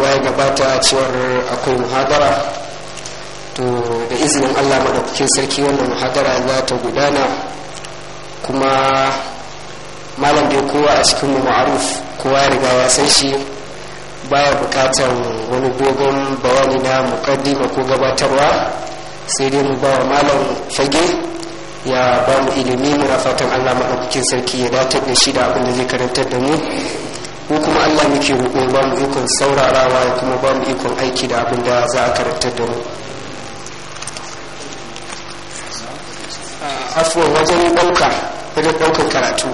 kowa ya gabata cewar akwai muhadara to da izinin allah maɗaukakin sarki wannan muhadara za ta gudana kuma malam dai kowa a cikin ma'aruf kowa riga ya san shi baya bukatar wani dogon bayani na mukaddima ko gabatarwa sai dai mu bawa malam fage ya ba mu ilimi muna fatan allah maɗaukakin sarki ya datar da shi da abin da zai karantar da mu ko kuma allah muke roƙo ba mu ikon saurarawa ya kuma ba mu ikon aiki da abin da za a karantar da mu ah, afuwa wajen ɗauka wajen ɗaukar karatu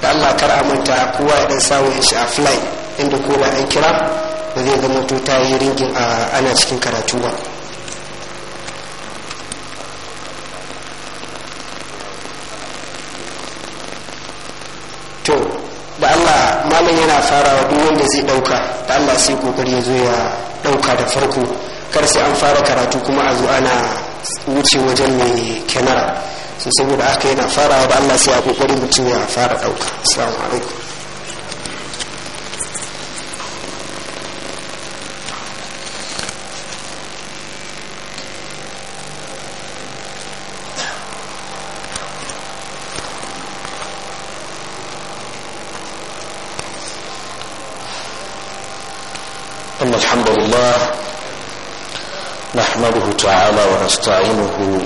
da allah kar a manta kowa ya dan samu shi a fly inda kowa ɗan kira ba zai zama to ta yi ringin ah, ana cikin karatu ba wannan yana farawa duk wanda zai dauka da Allah sai kokari ya zo ya dauka da farko kar sai an fara karatu kuma a zo ana wuce wajen mai kenara sosai saboda aka yana farawa da Allah sai a kokari mutum ya fara dauka assalamu alaikum الله نحمده تعالى ونستعينه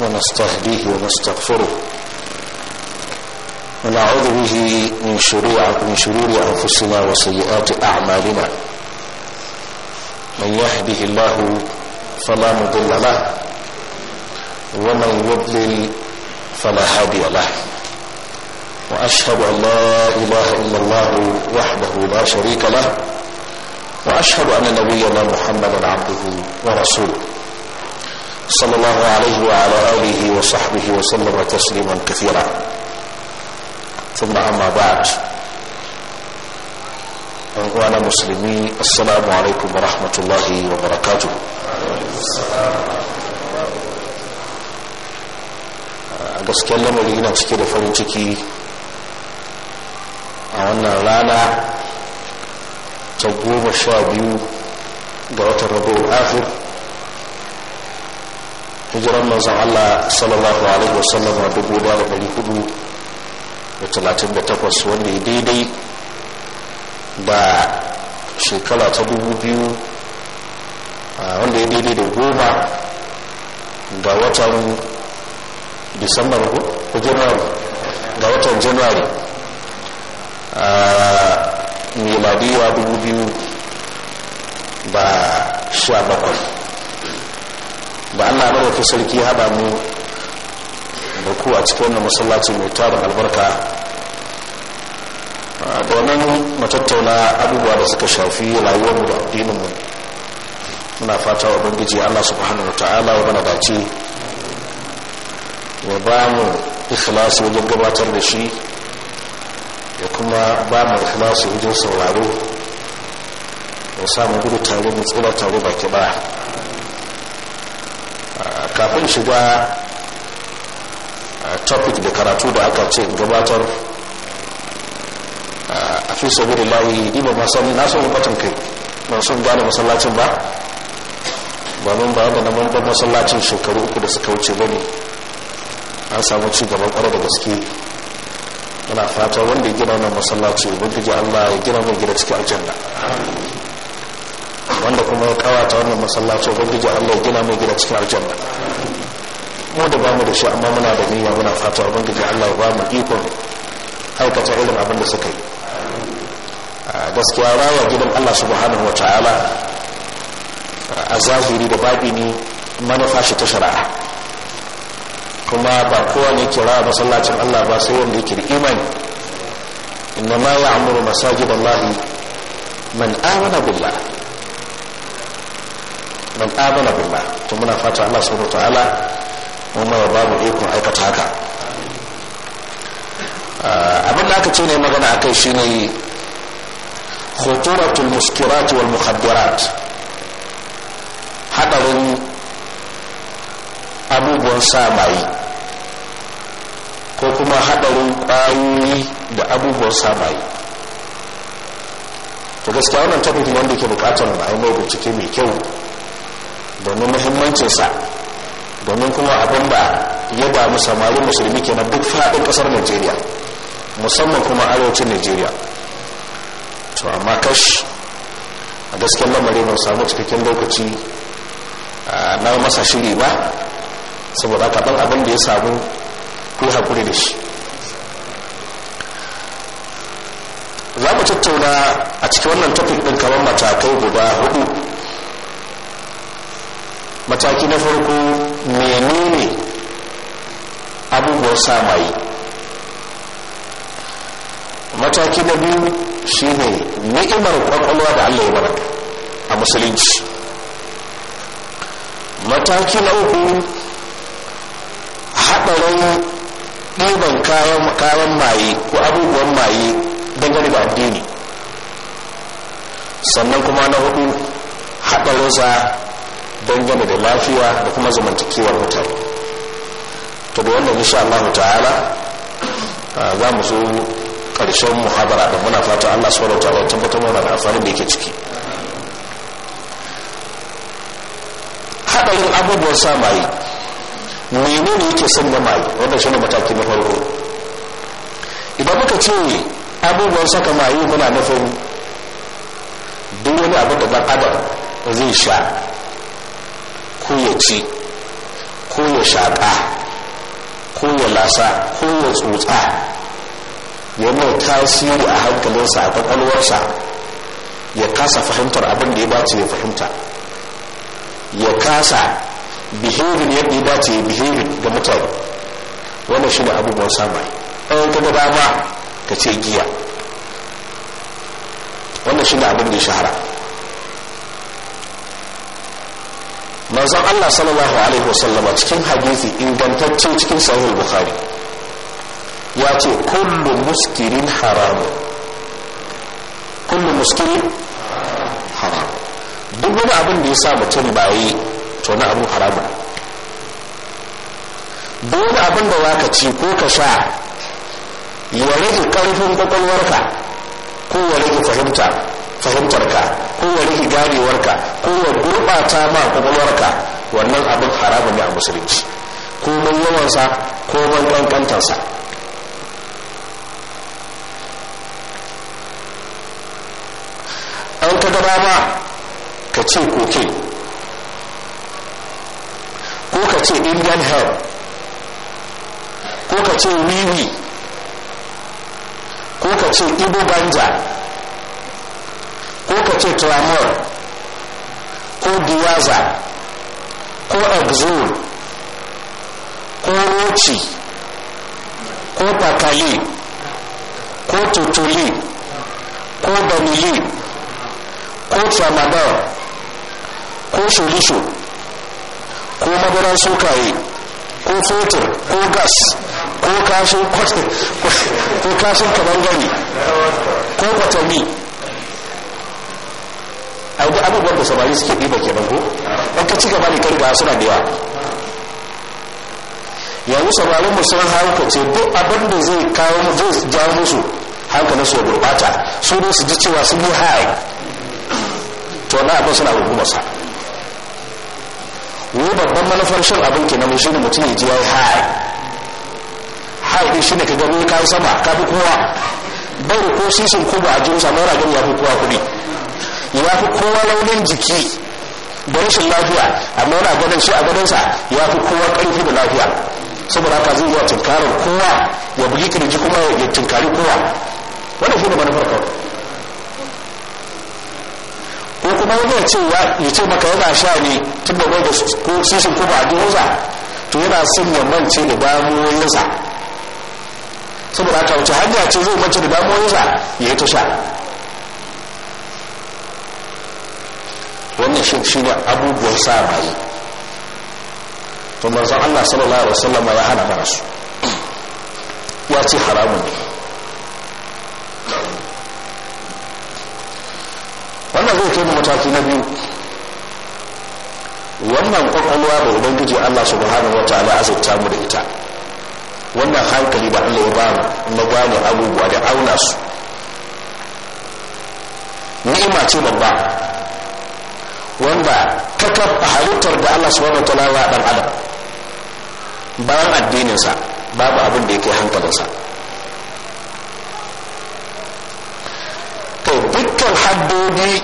ونستهديه ونستغفره ونعوذ به من شرور من شرور انفسنا وسيئات اعمالنا من يهده الله فلا مضل له ومن يضلل فلا هادي له واشهد ان لا اله الا الله وحده لا شريك له وأشهد أن نبينا محمدا عبده ورسوله صلى الله عليه وعلى آله وصحبه وسلم تسليما كثيرا ثم أما بعد أخوانا المسلمين السلام عليكم ورحمة الله وبركاته gaskiyar lamari ina cike da farin ciki ta goma sha biyu ga watan rabu akhir hijiran manzan allah sallallahu alaihi wasallam a dubu da ɗari hudu da talatin da takwas wanda ya daidai da shekara ta dubu biyu wanda ya daidai da goma ga watan disambar ko januari ga watan januari miladiya dubu biyu ba sha bakwai ba an allah wata sarki haɗa mu da ku a cikin wannan masallaci mai tarin albarka domin matattauna abubuwa da suka shafi rayuwarmu da addininmu muna fata wa ubangiji allah subhanahu wa ta'ala wa mana ya ba mu ikhlasi wajen gabatar da shi ya kuma ba mu su wajen sauraro ya samu gudu tare mu tsira tare ke ba ah, kafin shiga ah, topic da karatu da aka ce gabatar ah, a fi sabu da layi ba na son batun kai ba son gane masallacin ba ba nan ba da na masallacin shekaru uku da suka wuce ba ne an samu ci gaban kwarar da gaske muna fata wanda ya gina wannan masallaci ji allah ya gina mai gida cikin aljanna wanda kuma ya kawata wannan masallaci ji allah ya gina mai gida cikin aljanna mu da bamu da shi amma muna da niyya muna fata ji allah ya mu ikon aikata irin abin da suka yi gaskiya rawa gidan allah subhanahu wa ta'ala a zahiri da babi ne manufa shi ta shari'a kuma ba kowa ne kira masallacin Allah ba sai wanda yake da imani inna ma ya'muru masajid Allah man amana billah man amana billah to muna fata Allah subhanahu ta'ala mun ba babu ikon aikata haka ah, abin da aka ce ne magana akai shine khuturatul muskirat wal mukhaddarat hadarin abubuwan sa mai ko kuma hadarin kwayoyi da abubuwan sabayi to gaskiya wannan topic wanda ke bukatar na ba da cike mai kyau domin muhimmancinsa domin kuma abin da ya mu samari musulmi ke na duk faɗin ƙasar najeriya musamman kuma arewacin najeriya to amma kash a gaskiyar lamari ban samu cikakken lokaci ah, na masa shiri ba saboda kaɗan abin da ya samu ku hakuri da shi za mu tattauna a cikin wannan topic ɗin kamar matakai guda hudu mataki na farko menene abubuwan samayi mataki na biyu shine ni'imar kwakwalwa da allah ya a musulunci mataki na uku haɗarin ɗiban kayan maye ko abubuwan maye dangane da addini sannan kuma na hudu haɗa roza dangane da lafiya da kuma zamantakewar mutane to da wannan insha Allah ta'ala za mu zo ƙarshen muhabara da muna fata Allah subhanahu wa ta'ala ya tabbatar mana da amfanin da yake ciki haɗarin abubuwan sa maye menene yake sanya maye wannan shine mataki na farko idan muka ce abubuwan saka maye muna nufin duk wani abu da dan adam zai sha ko ya ci ko ya shaƙa ko ya lasa ko ya tsotsa ya mai tasiri a hankalinsa a kwakwalwarsa ya kasa fahimtar abin da ya ba ya fahimta ya kasa behaving yadda ya dace behaving ga mutane wannan shi ne abubuwan samari ɗayan ka gaba ma ka ce giya wannan shi ne abin da ya shahara manzon Allah sallallahu alaihi wasallama cikin hadisi ingantacce cikin sahih bukhari ya ce kullu muskirin haramun kullu muskirin haram duk wani abin da ya sa mutum ba yi to na abin haramun duk abin da za ka ci ko ka sha ya rage karfin kwakwalwarka ko ya rage fahimta fahimtarka ko ya rage garewarka ko ya gurɓata ma kwakwalwarka wannan abin haramun ne a musulunci ko man yawansa ko man kankantarsa an ka gaba ma ka ce koke ko ka ce indian herb ko ka ce wiwi ko ka ce ibo banja ko ka ce tramol ko diaza ko exol ko roci ko pakali ko tutuli ko banili ko tramadol ko solution ko madaran sukaye ko fetur ko gas ko kashin ko kashin gani ko kwatanni a yi abubuwan da samari suke ɗiba ke ko ɗan ka ci gaba da kai ga suna da yawa yanzu samarin mu sun ce duk abin da zai kawo zai jawo musu hankalin su ya gurɓata su ne su ji cewa sun yi haya to na abin suna masa wani babban manufar shan abin ke namun ne mutum ya ji ya yi hai hai shi ne ka gani ka sama ka fi kowa bai ko sisin ko ba a jinsa mai ragar ya fi kowa kuɗi ya fi kowa launin jiki da rashin lafiya amma yana gadon shi a gadonsa ya fi kowa ƙarfi da lafiya saboda haka zai wa tunkarar kowa ya bugi kirji kuma ya tunkari kowa wani shi ne manufar kawai ko kuma wani ce ya ce maka yana sha ne tun da bai da ko sishin kuma a doza to yana son ya mance da damuwoyinsa saboda haka wace hanya ce zai mance da damuwoyinsa ya yi ta sha wannan shi shi ne abubuwan sa bayi to manzon Allah sallallahu alaihi wasallam ya hana mana su ya ce haramun ne wannan zai taimaka mu mataki na biyu wannan kwakwalwa da ubangiji allah buhari wa ta'ala azurta mu da ita wannan hankali da allah ya ba mu na gane abubuwa da auna su ni'ima ce babba wanda kakaf a halittar da allah su wani talawa dan adam bayan addininsa babu abin da ya kai hankalinsa to dukkan haddodi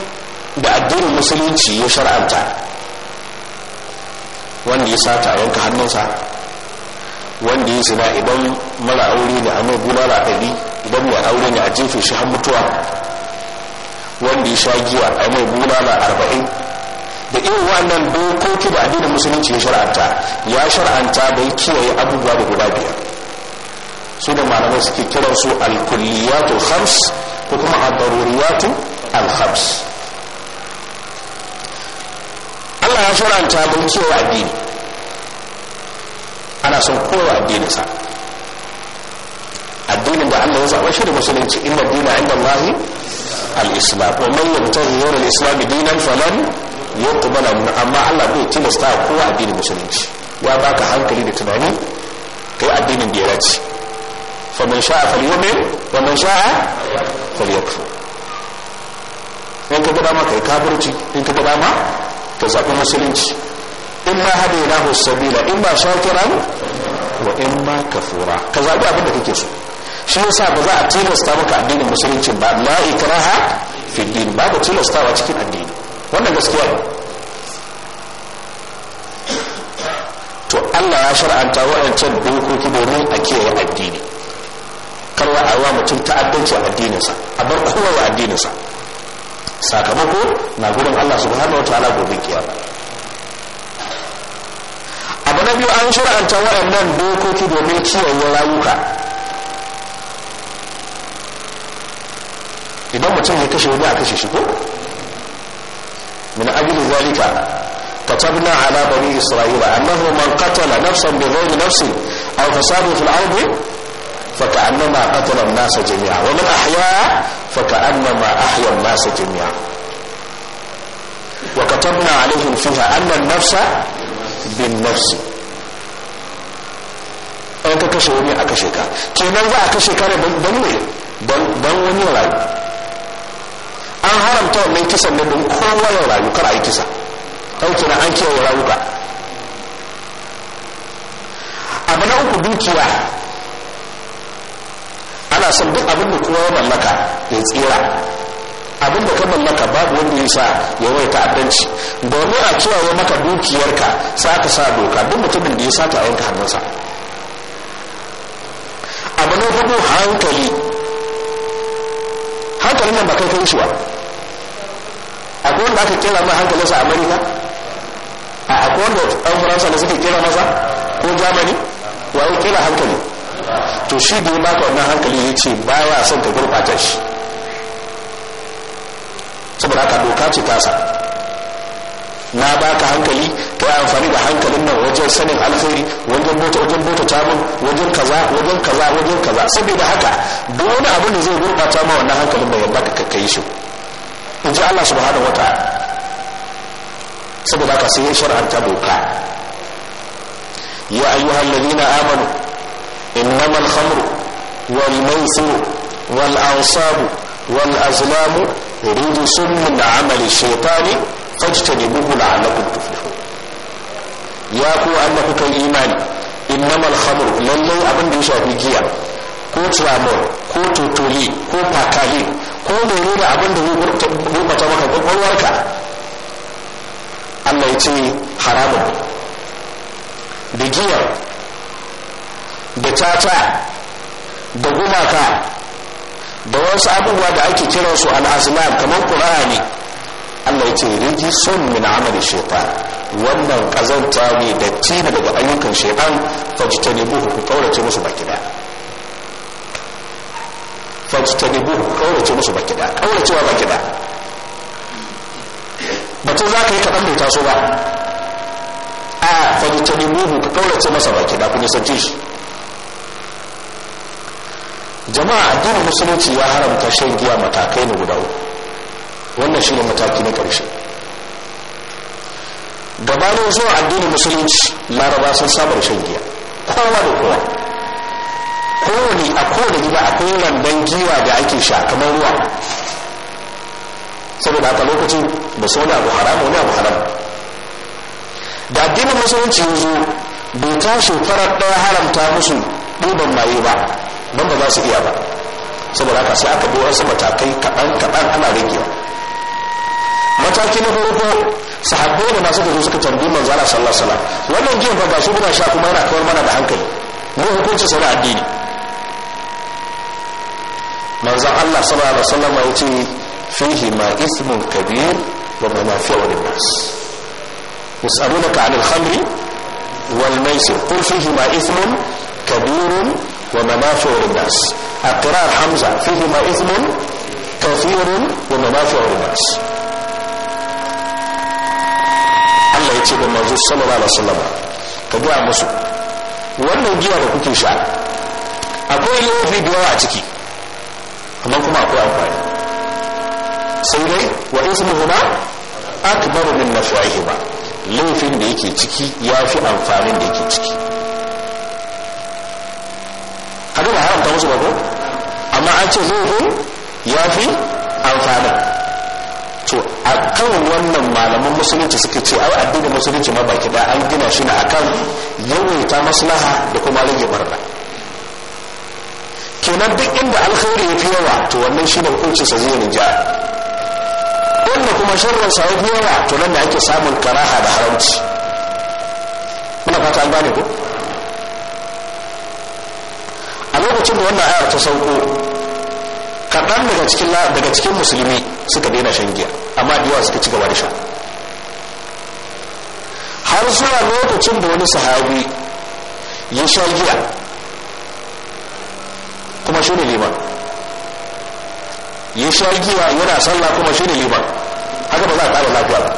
da addinin musulunci ya shar'anta wanda ya sata yanka hannunsa wanda ya zina idan mara aure ne a mai bulala ɗari idan mai aure ne a jefe shi har mutuwa wanda ya sha giya a mai bulala arba'in da irin wannan dokoki da addinin musulunci ya shar'anta ya shar'anta ya kiyaye abubuwa da guda biyar su da malamai suke kiran su alkulliyatul khams ko kuma ad-daruriyatu al-khams Allah ya faranta mun wa addini ana son kowa addininsa sa addinin da Allah ya zaba shi da musulunci inna dina inda Allah al-islam wa man yabtaghi ghayra al-islam dinan falan yuqbala min amma Allah bai tilasta kowa addinin musulunci ya baka hankali da tunani kai addinin da ya dace man sha'a falyumin wa man sha'a falyakfu in ka gada maka kai kafirci in ka gada ma ka zaɓi musulunci in ma hade na sabila in ba shakiran wa in ma kafura ka zaɓi abin da kake so shi yasa ba za a tilasta maka addinin musulunci ba la ikraha fi din tilasta tilastawa cikin addini wannan gaskiya ne to Allah ya shar'anta wa'ancan dokoki domin a kiyaye addini kar wa yawa mutum ta'addanci a addininsa a bar kowa wa addininsa sakamako na gurin Allah subhanahu wataala gobe kiyama abu na biyu an shir'anta waɗannan dokoki domin ya rayuka idan mutum ya kashe wani a kashe shi ko min ajli zalika كتبنا على بني إسرائيل أنه من قتل نفسا بغير نفس أو فساد في الأرض فكأنما قتل الناس جميعا ومن أحياها فكأنما أحيا الناس جميعا وكتبنا عليهم فيها أن النفس بالنفس an ka kashe wani a kashe ka kenan za a kashe ka ne don ne don wani rayu an haramta wannan kisan ne don kowa ya rayu kar a yi kisa an dukiya ana son duk abin da kowa ya mallaka ya tsira abin da ka mallaka babu wanda ya sa ya wai ta'addanci domin a kiyaye maka dukiyarka sa ka sa doka duk mutumin da ya sa a yanka hannunsa abu na hudu hankali hankalin nan ba kai kai shiwa akwai wanda aka kira ma hankalinsa a amurka a akwai wanda ɗan faransa da suka kira masa ko jamani waye kira hankali to shi da ya baka wannan hankali ya ce ba ya son ka gurbata shi saboda haka doka ce tasa na baka hankali ka yi amfani da hankalin nan wajen sanin alkhairi wajen bota wajen bota tamun wajen kaza wajen kaza wajen kaza saboda haka duk wani abin da zai gurbata ma wannan hankalin bai yabba ka kai shi in ji Allah subhanahu wa ta'ala saboda haka sai ya shar'anta doka ya ayyuhal ladina amanu إنما الخمر والميسر والأنصاب والأزلام رجس من عمل الشيطان فاجتنبوه لعلكم تفلحون يا كو أنك كالإيمان إنما الخمر للي أبن دوشا بيجيا ko tramol ko totoli ko pakali ko dore da abin da gurɓata maka kwakwalwarka Allah ya ce haramun da giyar da caca da gumaka da wasu abubuwa da ake kira su al'azlam kamar qur'ani Allah ya ce rijisun min amali shaytan wannan kazanta ne da tina daga ayyukan shaytan buhu ku kaurace musu baki da buhu ku kaurace musu baki da kauracewa baki da batun za ka yi kaɗan bai taso ba a buhu ku kaurace masa baki da kuma nisanci shi jama'a addinin musulunci ya haramta shan giya matakai ne guda uku wannan ne mataki na ƙarshe gabanin zuwa addinin musulunci laraba sun samar shan giya kowa da kowa kowane a kowane gida akwai randan giwa da ake sha kamar ruwa saboda haka lokacin ba su wani abu haram wani abu haram da addinin musulunci yanzu bai ta shekarar ɗaya haramta musu ɗuban maye ba don ba za su iya ba saboda haka sai aka bi wasu matakai kaɗan kaɗan ana ragewa mataki na farko sahabbai da masu gudu suka tambayi manzo sallallahu alaihi wasallam wannan jiyan ba gashi muna sha kuma yana kawar mana da hankali mu hukunci sai da addini manzo Allah sallallahu alaihi wasallam ya ce fihi ma ismun kabir wa manafi'u lin-nas yas'alunaka 'anil khamri wal maisir qul fihi ma ismun kabirun ومنافع للناس القراءة حمزة فيهما إثم كثير ومنافع للناس Allah ya ce da manzo sallallahu alaihi wasallam ka ga musu wannan giya da kuke sha akwai laifi da a ciki amma kuma akwai amfani sai dai wa ismuhuma akbaru min nafihima laifin da yake ciki yafi amfanin da yake ciki haka da haramta musu ba ko amma an ce zuhun ya fi amfani to a kan wannan malaman musulunci suka ce ai addinin musulunci ma baki da an gina shi na akan yawaita maslaha da kuma rage barna kenan duk inda alkhairi ya fi yawa to wannan shi ne hukuncin sa zai rinja wannan kuma sharrin sa ya fi yawa to nan ne ake samun karaha da haramci muna fata an gane ko lokacin da wannan ayar ta sauko kaɗan daga cikin daga cikin musulmi suka daina shan giya amma da yawa suka ci gaba da sha har zuwa lokacin da wani sahabi ya sha giya kuma shi ne liman ya sha giya yana sallah kuma shi ne liman haka ba za a ƙara lafiya ba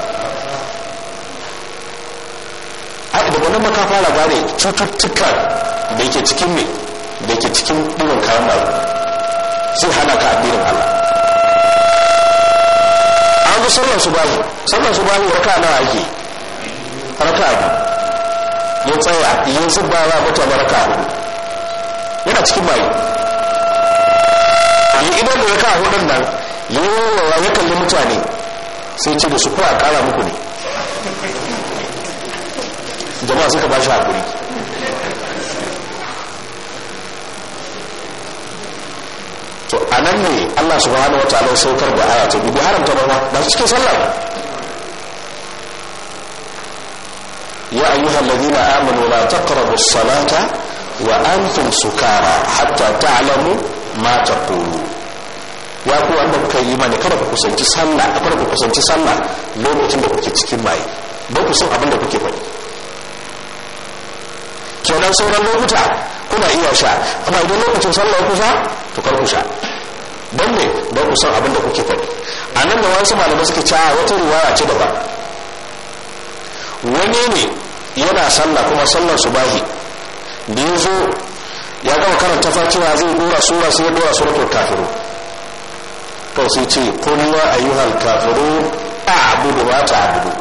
a daga nan maka fara gane cututtukan da yake cikin mai da ke cikin irin kayan da sun hana ka addinin Allah an ga sallar su bayi sallar su bayi raka nawa ake raka abu ya tsaya yanzu ba za mutu ba raka abu yana cikin bayi yi idan da raka hudun nan yi wawa ya kalli mutane sai ce da su kuwa kara muku ne jama'a suka ba shi hakuri nan ne Allah subhanahu wata ta'ala saukar da aya ta biyu haramta ba ba cikin sallah ya ayyuhal ladina amanu la taqrabu as-salata wa antum sukara hatta ta'lamu ma taqulu ya ku wanda kuka yi imani kada ku kusanci sallah kada ku kusanci sallah lokacin da kuke cikin mai ba ku san abin da kuke faɗi kenan sauran lokuta kuna iya sha amma idan lokacin sallah kusa to kar ku sha don ne don ku san abin da kuke faɗi a nan da wasu malamai suke cewa wata riwaya ce daban wani ne yana sallah kuma sallar su subahi da ya zo ya gama karanta fatiha zai dora sura sai ya dora suratul kafiru to sai ce qul ya ayyuhal kafiru a'budu ma ta'budu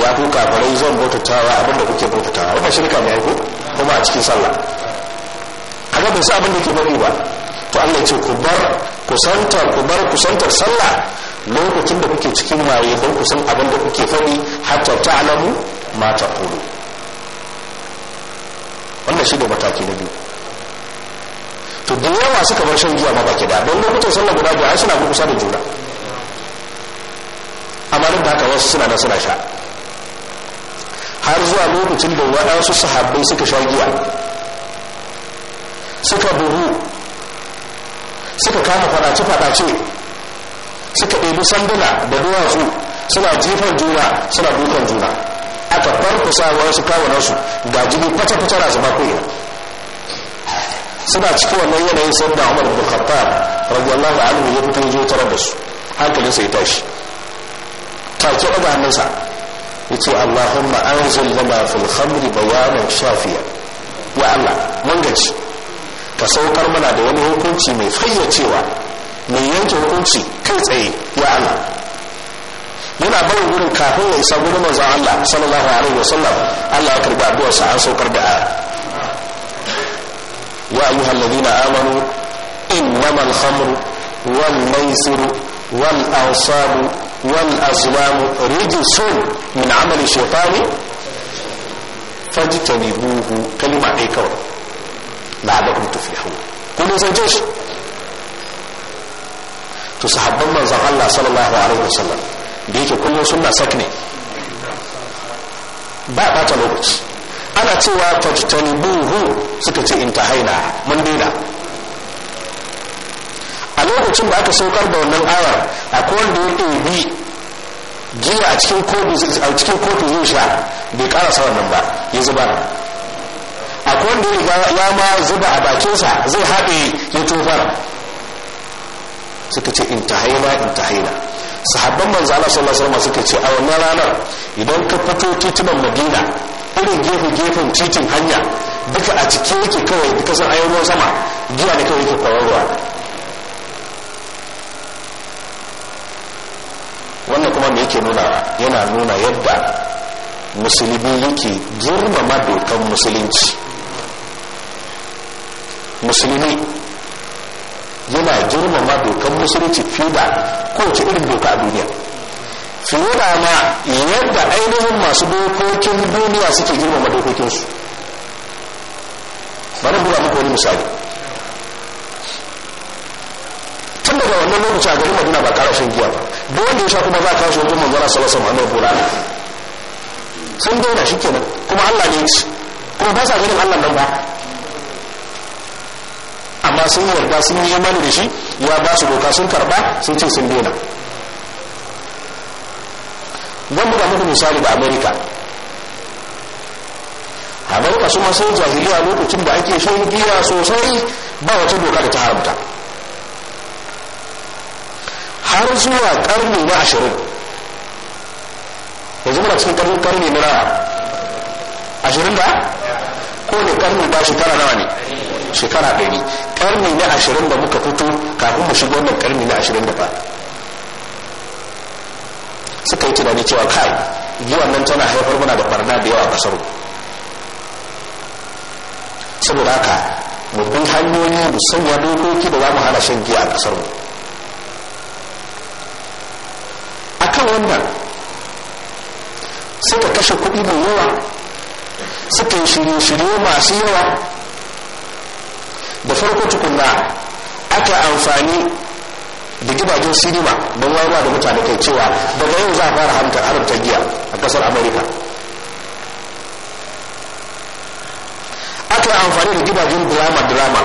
ya ku kafirai zan bautatawa da kuke bautatawa wannan shirka ne ko kuma a cikin sallah kaga ba su abin da yake bari ba to Allah ce ku bar kusantar ku bar kusantar sallah lokacin da kuke cikin waye don kusan abin da kuke fadi hatta ta'lamu ma taqulu wannan shi da mataki na biyu to da yawa suka bar shan giya ma baki da don lokacin sallah guda biyu ai suna kusa da juna amma duk da haka wasu suna da suna sha har zuwa lokacin da waɗansu sahabbai suka sha giya suka buru. suka kama fadace-fadace suka ɗebi sanduna da duwatsu suna jifan juna suna dukan juna aka wa wasu kawunansu ga jini kwata-kwata na zama ko'ina suna cikin wannan yanayin sai da umar bin khattab radiyallahu anhu ya fito zo tare da su hankalin sai tashi take daga hannunsa yace allahumma anzil lana fil khamri bayanan shafiya ya allah mun ka saukar mana da wani hukunci mai fayyacewa mai yanke hukunci kai tsaye ya Allah yana barin gurin kafin ya isa gurin manzon Allah sallallahu alaihi wasallam Allah ya karba sa an saukar da aya ya ayyuhal ladina amanu innamal khamru wal maisiru wal ansabu wal azlamu rijsun min amali shaytani fajtanibuhu kalima ɗaya kawai la'allakum tuflihun ko mun san shi to sahabban manzon Allah sallallahu alaihi wasallam da yake kullum sunna sak ne ba bata lokaci ana cewa tajtanibuhu suka ce intahaina mun daina a lokacin da aka saukar da wannan ayar akwai wanda ya bi giya a cikin kofi zai sha bai karasa wannan ba ya zuba a wanda ya ma zuba a bakinsa zai haɗe ya tofar suka ce intahaina intahaina sahabban manzo Allah sallallahu alaihi suka ce a wannan ranar idan ka fito titunan Madina irin gefe gefen titin hanya duka a cikin yake kawai duka san ayyuka ruwan sama giya ne kawai yake kwararwa wannan kuma me yake nuna yana nuna yadda musulmi yake girmama dokan musulunci musulmi yana girmama dokan musulunci fiye da kowace irin doka a duniya fiye da ma yadda ainihin masu dokokin duniya suke girmama dokokinsu bari buga muku wani misali tun daga wannan lokaci a garin madina ba ƙara giya ba don wanda ya sha kuma za a kawo shi wajen manzara salasa na bura sun daina shi kenan kuma allah ne ci kuma ba sa ganin allah nan ba amma sun yarda sun yi mani da shi ya ba su doka sun karba sun ce sun daina don buga muku misali da amerika amerika su masu jahiliya lokacin da ake shan giya sosai ba wata doka da ta haramta har zuwa karni na ashirin yanzu muna cikin karni karni na ashirin da ko ne karni ba shekara nawa ne shekara ɗari ƙarni na ashirin da muka fito kafin mu shiga wannan ƙarni na ashirin da ba suka yi tunani cewa kai yi nan tana haifar muna da barna da yawa kasar saboda haka mu bi hanyoyi mu sanya dokoki da za mu hana shan giya a kasar mu akan wannan suka kashe kuɗi mai yawa suka yi shirye-shirye masu yawa da farko tukunna aka amfani da gidajen sinima don wayarwa da mutane kai cewa daga yau za a fara haramta haramta giya a kasar america aka yi amfani da gidajen drama drama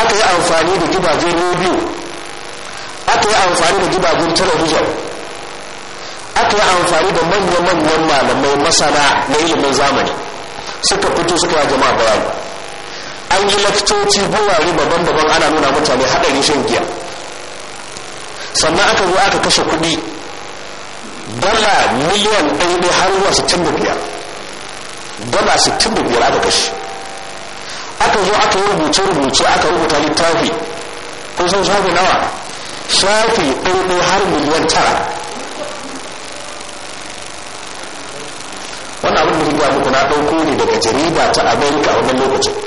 aka yi amfani da gidajen rediyo aka yi amfani da gidajen talabijin aka yi amfani da manya-manyan malamai masana na ilimin zamani suka fito suka yi jama'a bayani an yi laftoci gurare daban-daban ana nuna mutane haɗarin shan giya sannan aka zo aka kashe kuɗi dala miliyan ɗaya har zuwa sittin da biyar dala sittin da biyar aka kashe aka zo aka yi rubuce-rubuce aka rubuta littafi kun san shafi nawa shafi ɗaya har miliyan tara wannan abin da ya muku na ɗauko ne daga jarida ta amerika a wannan lokacin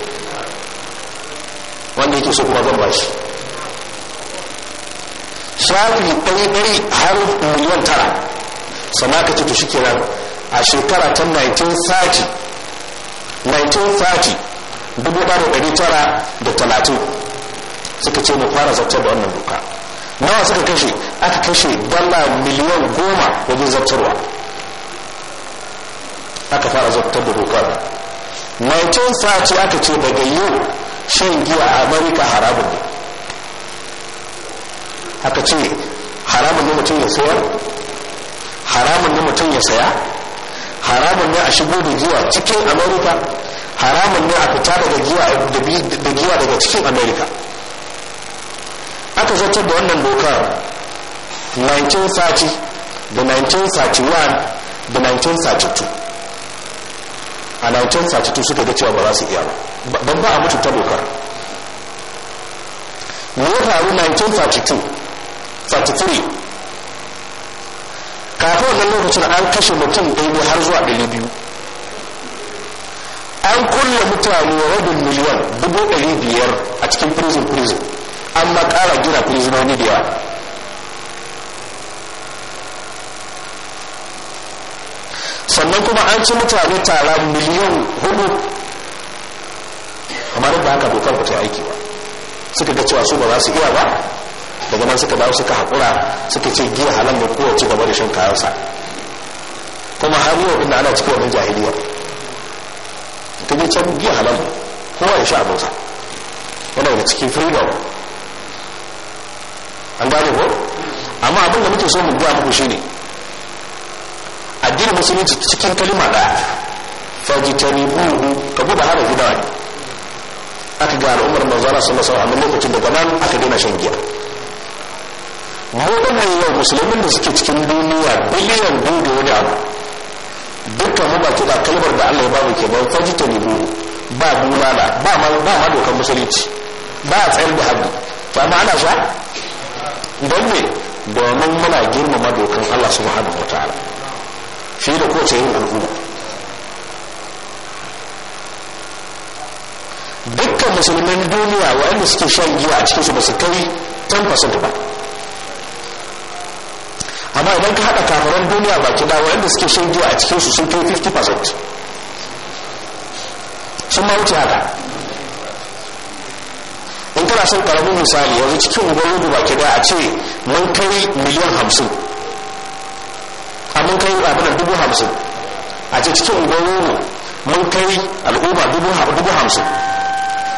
wanda yake so kuma zan ba shi shafi ɗari har miliyan tara sannan ka ce to shikenan a shekara ta 1930 1930 dubu ɗari ɗari tara da talatin suka ce mu fara zartar da wannan doka nawa suka kashe aka kashe dala miliyan goma wajen zartarwa aka fara zartar da dokar 1930 aka ce daga yau shan giya a amurka haramun ne haka ce haramun ne mutum ya sayar haramun ne mutum ya saya haramun ne a shigo da giya cikin amurka haramun ne a fita daga giya daga cikin amurka aka zartar da wannan dokar 1930 da 1931 da 1932 a 1932 suka ga cewa ba za su iya ba babba a mutu ta doka me ya faru 1942 43 kafin wannan lokacin an kashe mutum ɗaiɗai har zuwa ɗari biyu an kulle mutane rabin miliyan dubu a cikin prison prison an makara gina prison da yawa sannan kuma an ci mutane tara miliyan hudu amma duk da haka dokar ba ta aiki ba suka ga cewa su ba za su iya ba daga nan suka dawo suka haƙura suka ce giya halan da kowace gaba da shan kayansa kuma har yau inda ana cikin wannan jahiliyar ta je can giya halan kowa ya sha abinsa yana daga cikin freedom an gane ko amma abin da muke so mu gaya muku shine addinin musulunci cikin kalima ɗaya fajitani buhu ka buɗe harafi da aka ga al'ummar manzana sun nasara amma lokacin da gaban aka dina shan giya mu yau musulmin da suke cikin duniya biliyan biyu da wani abu dukkan mu ba kiɗa kalmar da allah ya babu ke ban faji ta nibu ba bulala ba ma ba ma dokan musulunci ba a tsayar da hannu ba ma ana sha don me domin muna girmama dokan allah subhanahu wa ta'ala fiye da kowace yin al'umma dukkan musulman duniya wa inda suke shan giya a cikinsu ba su kai 10% ba amma idan ka haɗa kafaran duniya baki da inda suke shan giya a cikinsu sun kai 50% sun ma wuce haka in kana son ƙaramin misali yanzu cikin ba baki da a ce mun kai miliyan hamsin a mun kai da dubu hamsin a ce cikin ubarudu mun kai al'umma dubu hamsin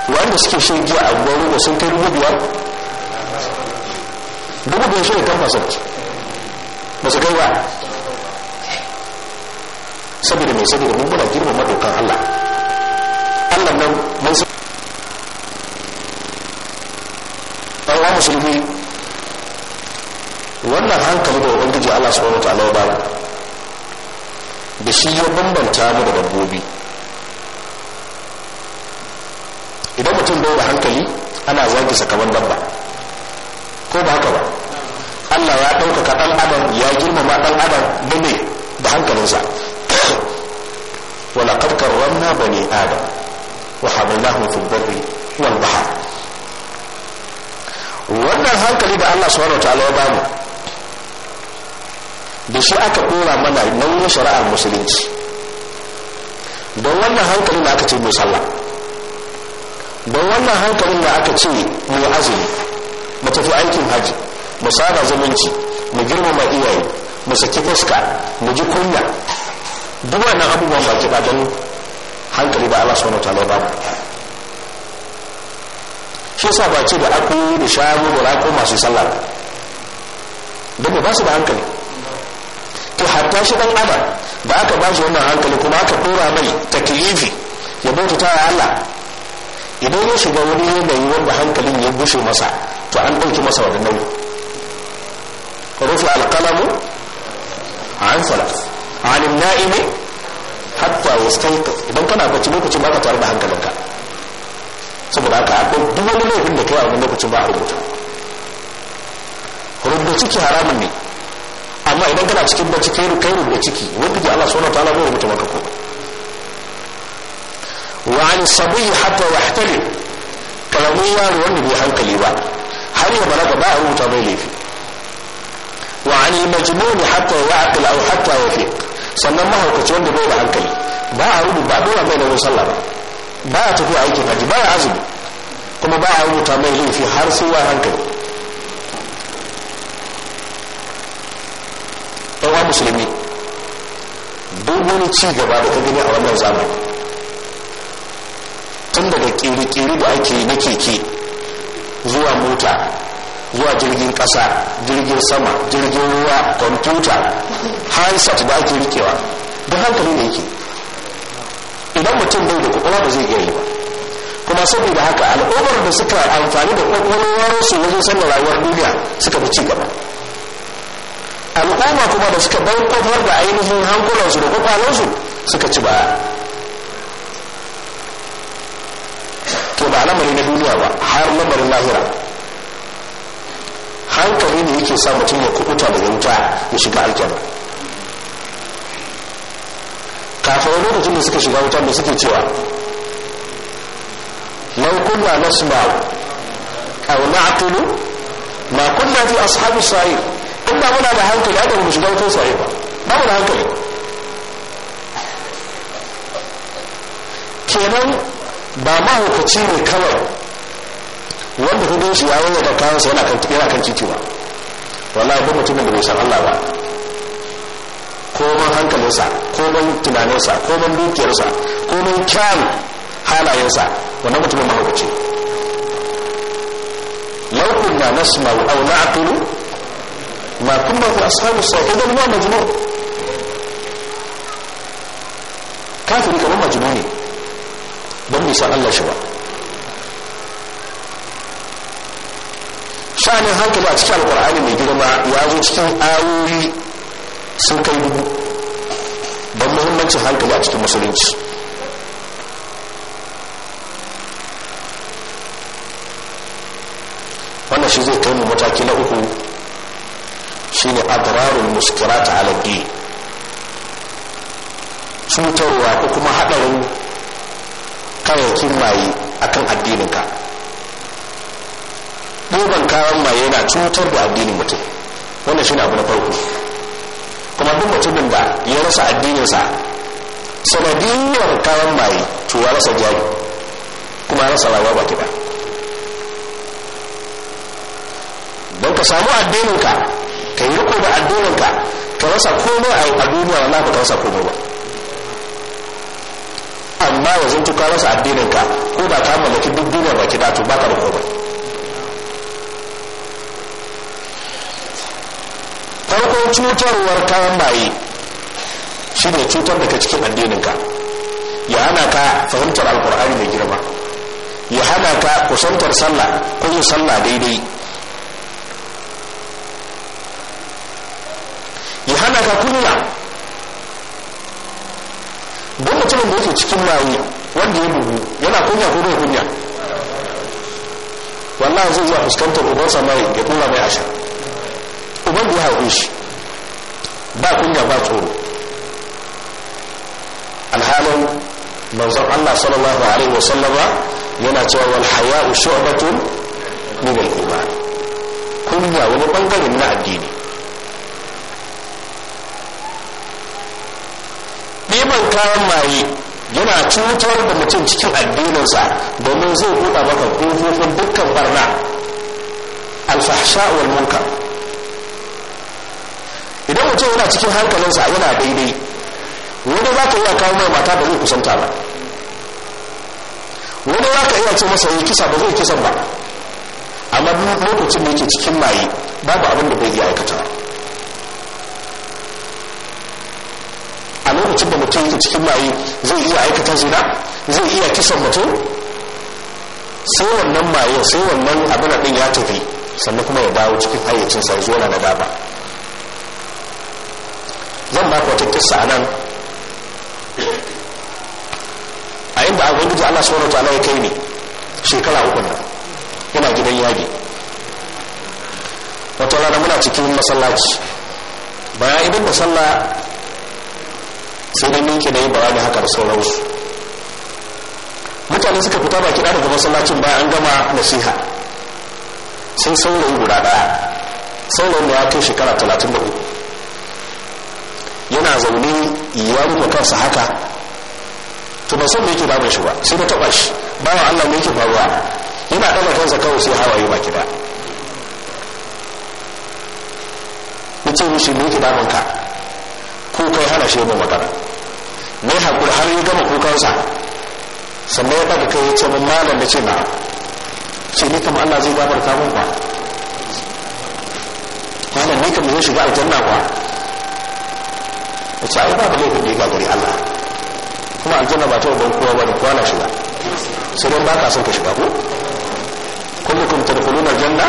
wanda suke shan giya a gwamnati sun kai dubu biyar dubu biyar shi ne kan fasant ba su kai ba saboda mai saboda mun muna girma madokan allah allah nan mun san ɗanwa musulmi wannan hankali da ubangiji allah su wani ta'ala ya ba da shi ya bambanta mu da dabbobi idan mutum bai da hankali ana zagisa kamar dabba ko ba haka ba Allah ya ɗaukaka ɗan adam ya girmama ɗan adam da ne da hankalinsa wala qad karramna bani adam wa hamalnahum fil barri wal bahr wannan hankali da Allah subhanahu wa ta'ala ya bamu da shi aka kora mana nauyin shari'ar musulunci don wannan hankali da aka ce musalla don wannan hankalin da aka ce mai azumi mu tafi aikin haji mu sada zumunci mu girmama iyaye mu saki fuska mu ji kunya duk wannan abubuwan baki ba don hankali da Allah subhanahu wataala ba shi yasa ba ce da aku da shamu da rako masu sallah don ba su da hankali to hatta shi dan adam da aka ba shi wannan hankali kuma aka dora mai taklifi ya bauta ta Allah idan ya shiga wani yanayi wanda hankalin ya gushe masa to an ɗauki masa wani nauyi rufe alƙalamu an salas alim na'imi hatta wastaita idan kana bacci lokacin ka tare da hankalinka saboda haka akwai duk wani laifin da kai a wani lokacin ba a rubuta rubuta ciki haramun ne amma idan kana cikin bacci kai rubuta ciki wanda ke Allah subhanahu wa ta'ala bai rubuta maka komai وعن الصبي حتى يحترم كلامي والنبي حنك الإباء هل يبلغ باعه تضيلي فيه وعن المجنون حتى يعقل أو حتى يفيق سنة ما هو كتوان بيضا عن كلي باع أبو بعد بين أبو باعت في باع تبو أي باع عزم كما باع أبو في حرس وعن كلي أو مسلمين دوبوني تيجا بعد كدني على ما زامن tun daga kiri-kiri da ake na keke zuwa mota zuwa jirgin kasa jirgin sama jirgin ruwa kwamfuta handset da ake rikewa da hankali da yake idan mutum bai da kwakwalwa ba zai iya ba kuma saboda haka al'ummar da suka amfani da kwakwalwar su wajen sanin rayuwar duniya suka fi ci gaba al'umma kuma da suka bai kwakwalwar da ainihin hankulansu da kwakwalansu suka ci baya to ba lamari na duniya ba har lamarin lahira hankali ne yake sa mutum ya kubuta daga wuta ya shiga aljanna kafin lokacin da suka shiga wuta da suke cewa lau kunna nasma'u aw na'qulu ma kunna fi ashabi sa'ir in ba muna da hankali aka mu shiga wutar sa'ir ba ba mu da hankali kenan ba hukunci ne kawai wanda ta shi ya wani da kayansa yana kan yana kan titi ba wala ya mutumin da bai san Allah ba ko ban hankalinsa ko ban tunaninsa ko ban dukiyarsa ko ban kyan halayensa wannan mutumin mahaukaci lau kunna nasma'u aw na'qulu ma kunna fi ashabis sa'idan ma majnun kafiri kamar majinu ne bai Allah shi ba sha'anin hankali a cikin alkur'ani mai girma ya zo cikin ayoyi sun kai dubu don muhimmancin hankali a cikin musulunci wannan shi zai kai mu mataki na uku shine adrarul muskirat ala cutarwa ko kuma hadarin kayayyakin maye akan addininka ɗoban kayan maye yana cutar da addinin mutum wannan shi abu na farko kuma duk mutumin da ya rasa addininsa sanadiyar kayan maye to ya rasa jari kuma rasa rayuwa ba kiɗa don ka samu addininka ka yi riko da addininka ka rasa komai a duniya na ka rasa komai ba amma yanzu tuka masa addinin ka ko ba ka mallaki duk duniyar baki da to baka da komai cutarwar kayan maye shi ne cutar da ka cikin addinin ka ya hana ka fahimtar alkur'ani mai girma ya hana ka kusantar sallah ko yin sallah daidai ya hana ka kunya don mutumin da yake cikin layi wanda ya bugu yana kunya ko bai kunya wallahi zai iya fuskantar ubansa mai ya tura mai asha uban da ya haife shi ba kunya ba tsoro alhalin manzon Allah sallallahu alaihi wasallama yana cewa wal haya'u shu'batun min al-iman kunya wani bangaren na addini ɗiban kayan maye yana cutar da mutum cikin addininsa domin zai buɗa maka ƙofofin dukkan barna alfahsha wal idan mutum yana cikin hankalinsa yana daidai wani za ka iya kawo mai mata ba zai kusanta ba wani za ka iya ce masa yi kisa ba zai kisan ba amma lokacin da yake cikin maye babu abin da bai iya aikata lokacin da mutum yake cikin maye zai iya aikata zina zai iya kisan mutum sai wannan maye sai wannan abin din ya tafi sannan kuma ya dawo cikin hayyacin sa zuwa na daba zan ba wata kissa a nan a inda abin guji Allah subhanahu wa ya kai ne shekara uku nan yana gidan yadi wata rana muna cikin masallaci bayan idan masalla sai dai ninki na yi bayani haka da sauransu mutane suka fita ba ɗaya daga masallacin bayan an gama nasiha sai saurayi guda ɗaya saurayin da ya kai shekara talatin da uku yana zaune ya rufe kansa haka to ba san me yake damun shi ba sai na taɓa shi wa Allah me yake faruwa yana ɗaga kansa kawai sai hawaye ba ɗaya na ce mishi ne yake damun ka ko kai hana shi mu magana mai haƙuri har yi gama kukansa sannan ya ɗaga kai ya ce mun malam da ce na ce ni kama Allah zai ta mun ba malam ni kama zai shiga aljanna ba ya ce ai ba da laifin da ya gagari Allah kuma aljanna ba ta wa ban kowa ba da kwana shiga sai don ba ka son ka shiga ko kullukum tadkhuluna janna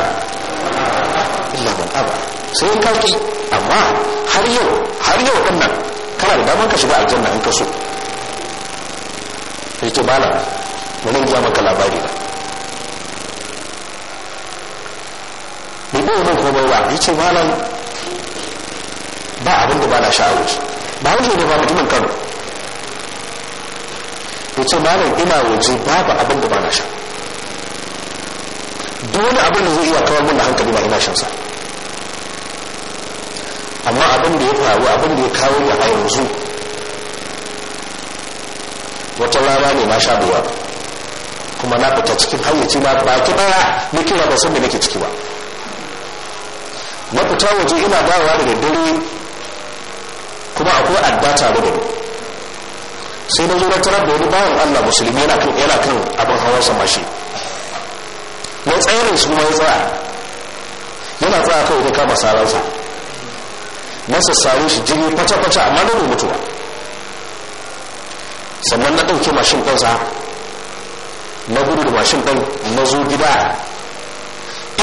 illa man abaa sai ka ki amma har yau har yau din nan kana da daman ka shiga aljanna in ka so yake bala wani nan ja maka labari na bai bai mun bai ba yace bala ba abin da bala na sha'awar ba wani ne ba mutumin kano yace bala ina waje babu abin da bala sha dole abin da zai iya kawar mun da hankali ba ina shan sa amma abin da ya faru abin da ya kawo ni a yanzu wata rana ne na sha duwa kuma na fita cikin hayyaci na baki daya ni kira ba san da nake ciki ba na fita waje ina dawowa da daddare kuma akwai adda tare da ni sai na zo na tarar da wani bayan Allah musulmi yana kan yana kan abin hawan sa mashi na tsayar su kuma ya tsaya yana tsaya kawai da kama sararsa. na sassare shi jini kwace-kwace amma na mutuwa sannan na ɗauke mashin ɗansa na gudu da mashin ɗan na zo gida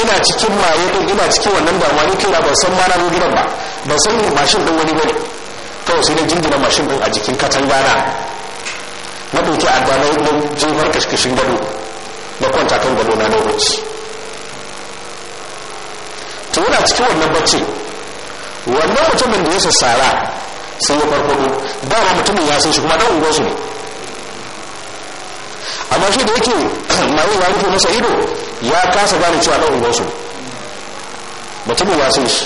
ina cikin maye ɗin ina cikin wannan damuwa ni kira ban san ma na zo gidan ba ban san mashin ɗin wani bane kawai sai na jingina mashin ɗin a jikin katanga na na a adda na ɗin jefar kashkashin gado na kwanta kan gado na na wuce to yana cikin wannan bacci wannan mutumin da ya sassara sai ya farfado dama mutumin ya san shi kuma dan unguwarsu ne amma shi da yake mai ya rufe masa ido ya kasa gane cewa dan ne mutumin ya san shi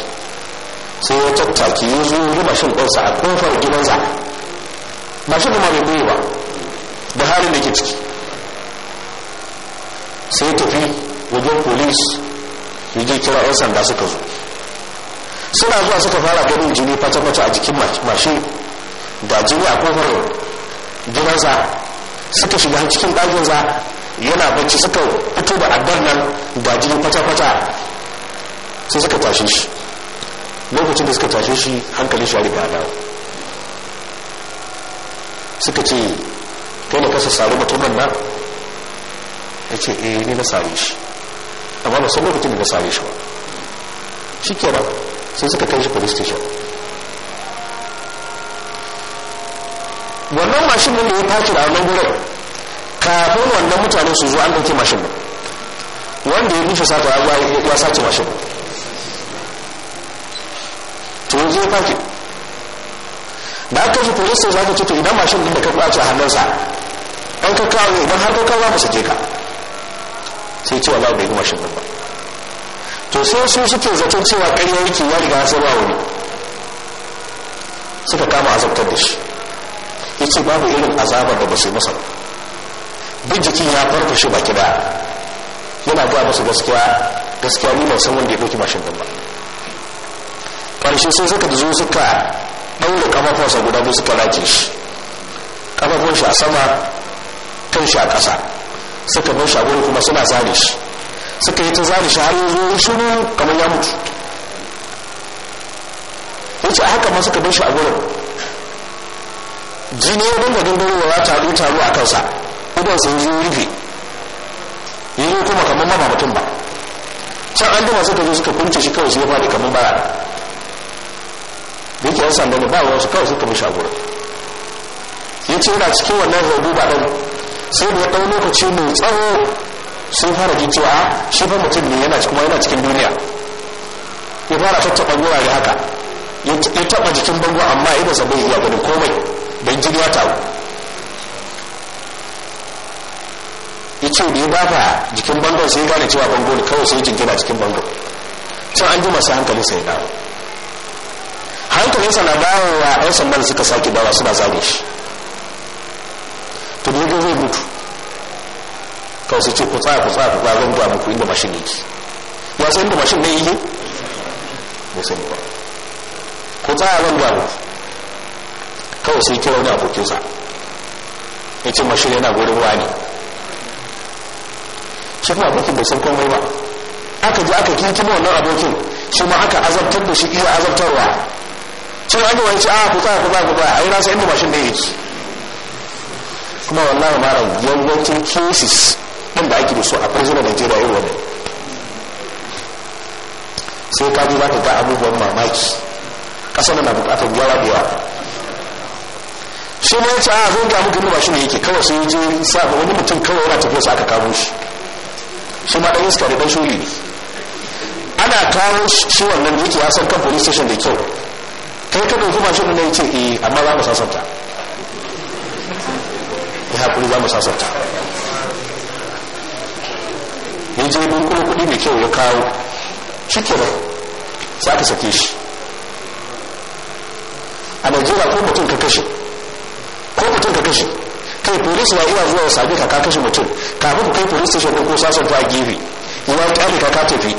sai ya tattaki ya zo yi mashin ɗinsa a kofar gidansa mashin kuma bai koyi ba da halin da ke ciki sai tafi wajen polis ya je kira 'yan sanda suka zo suna zuwa suka fara ganin jini fata-fata a jikin mashin da jini a kofar gidansa suka shiga cikin ɗaginsa yana bacci suka fito da addar nan da jini fata-fata sai suka tashe shi lokacin da suka tashe shi hankalin shi ba riga dawo suka ce kai da kasa sari mutumin nan ya ce eh na sare shi amma ba san lokacin da na sare shi ba shi kenan sai suka kai shi police station wannan mashin din da ya faci da wannan gurin kafin wannan mutane su zo an dauke mashin wanda ya rufe sata ya ya sace mashin to zai ya faci da aka shi police station zaka ce to idan mashin din da ka kwace a hannunsa an ka kawo idan har ka kawo mu je ka sai cewa za bai yi mashin ba to sai su suke zaton cewa ƙarya yake ya riga ya zama wani suka kama azabtar da shi ya ce babu irin azabar da ba su masa duk jikin ya farfa shi baki da yana gaya masu gaskiya gaskiya ni ban san wanda ya ɗauki mashin din ba ƙarshe sai suka zo suka ɗaure ƙafafunsa guda biyu suka rake shi ƙafafun shi a sama kan shi a ƙasa suka bar shi a kuma suna zane shi suka yi ta zari shi har yanzu shiru kamar ya mutu ya ce haka ma suka shi a gurin jini ya dinga ya taro taro a kansa idan sun yi rufe Ya yi kuma kamar mama mutum ba can an gama suka zo suka kunce shi kawai su ya faɗi kamar bara da yake yan sanda ne ba wasu kawai suka a shagura ya ce yana cikin wannan rabu ba ɗan sai da ya ɗau lokaci mai tsawo sun fara jin cewa shi fa mutum ne yana kuma yana cikin duniya ya fara tattaɓa wurare haka ya taɓa jikin bango amma ya sa bai iya gudun komai bai jin ya taru ya ce da ya dafa jikin bangon sai gane cewa bango ne kawai sai jingina cikin bango can an ji masu hankali sai ya dawo hankalinsa na dawowa 'yan sandan suka sake dawa suna zane shi to da zai mutu kawai su ce ku tsaya ku tsaya ku tsaya zan gwa muku inda mashin yake ya san inda mashin ne yake ba sani ba ku tsaya zan gwa muku kawai sai kira wani abokinsa ya ce mashin yana gurin wani shi kuma abokin bai san komai ba aka ji aka kinkima wannan abokin shi ma aka azabtar da shi iya azabtarwa shi ma aka wani ce a ah, ku tsaya ku tsaya ku tsaya a yi rasa inda mashin ne yake kuma wallahi mara yawancin cases da ake da su a kwanzu na najeriya irin wani sai ka ji za ka ga abubuwan mamaki ƙasar na bukatar gyara da yawa shi ne yace a ah, zan ga muku ba shi ne yake kawai sai je sa wani mutum kawai yana tafiya sa aka kawo shi shi ma dan iska da dan shuli ne ana kawo shi wannan yake ya san kan police station da kyau kai ka dauki mashin nan yace eh amma za mu sasanta ya hakuri za mu sasanta ya je don kuma kuɗi mai kyau ya kawo shi da za aka sake shi a najeriya ko mutum ka kashe ko mutum ka kashe kai polis na iya zuwa sami ka kashe mutum kafin kai polis shekaru ko sasan ta gefe ya kyale ka ka tafi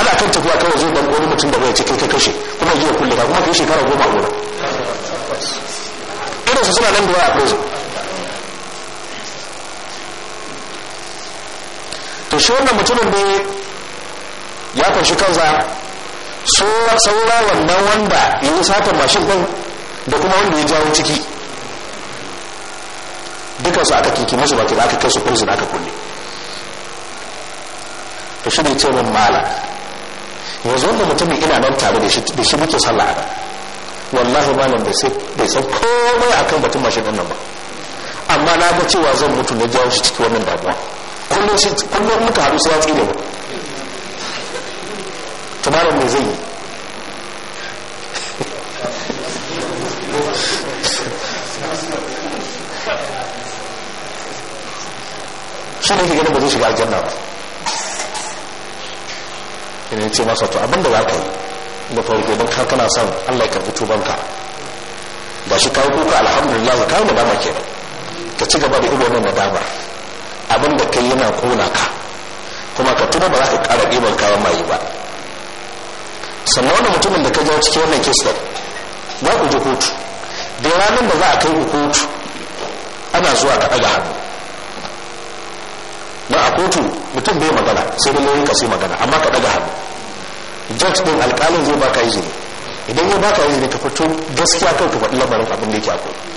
ana kan tafiya kawai zai dan wani mutum da bai cikin ka kashe kuma yi kulle ka kuma kai shekara goma goma irin su suna nan da waya a prison to shi wannan mutumin ne ya kunshi kansa saura wannan wanda ya yi sata mashin din da kuma wanda ya jawo ciki dukansu aka kiki masu baki aka kai su da aka kulle to shi ne ce min mala yanzu wanda mutumin ina nan tare da shi muke sallah ba wallahi malam bai san komai akan batun mashin din nan ba amma na ga cewa zan mutu na jawo shi ciki wannan damuwa kullum shi kullum muka haɗu sai ya tsire mu to mai me zai yi shi ne ke ganin ba zai shiga aljanna ba ina ce masa to abinda za ka yi da farko don ka kana son allah ya karɓi tubanka ba shi kawo kuka alhamdulillah ka yi nadama ke. ka ci gaba da ido na nadama abin da kai yana kona ka kuma ka tuna ba za ka ƙara ɗiban kawo maye ba sannan wani mutumin da ka jawo cikin wannan kisto ɗin za ku ji kotu da ranar da za a kai ku kotu ana zuwa ka ɗaga hannu ba a kotu mutum bai magana sai da lori ka sai magana amma ka ɗaga hannu judge ɗin alƙalin zai baka izini idan ya baka izini ka fito gaskiya kai ka faɗi lamarin abin da yake akwai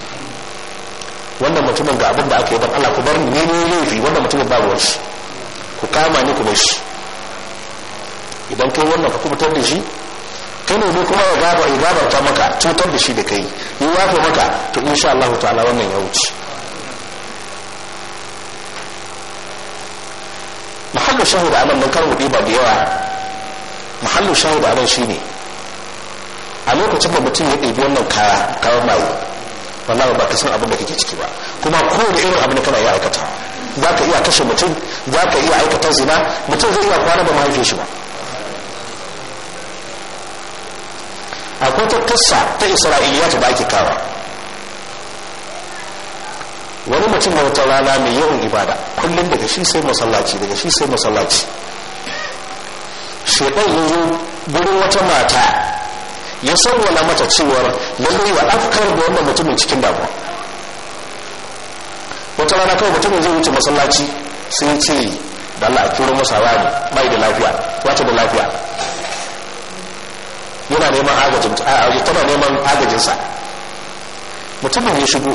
wannan mutumin ga abin da aka yi ban Allah ku bar ni ne ne laifi wannan mutumin ba ruwan shi ku kama ni ku bar shi idan kai wannan ka kubutar da shi kai ne ne kuma ya ibabar ta maka cutar da shi da kai ya yafe maka to insha Allah ta'ala wannan ya wuce mahallu shahu da anan mun karbu ba da yawa muhallu shahu da anan shine a lokacin da mutum ya ɗebi wannan kaya kayan wallahi ba ka san abin da kake ciki ba kuma kowane irin abin da kana iya aikata za ka iya kashe mutum za ka iya aikata zina mutum zai iya kwana ba mahaifin shi ba akwai ta kissa ta isra'iliya ta baki kawa wani mutum da wata rana mai yawan ibada kullum daga shi sai masallaci daga shi sai masallaci shekai yanzu gurin wata mata ya sanwala mata cewar lallai wa afkar da wannan mutumin cikin damuwa wata rana kawai mutumin zai wuce masallaci sai ce da Allah a turo masa wani bai da lafiya wata da lafiya yana neman agajin tana neman agajinsa mutumin ya shigo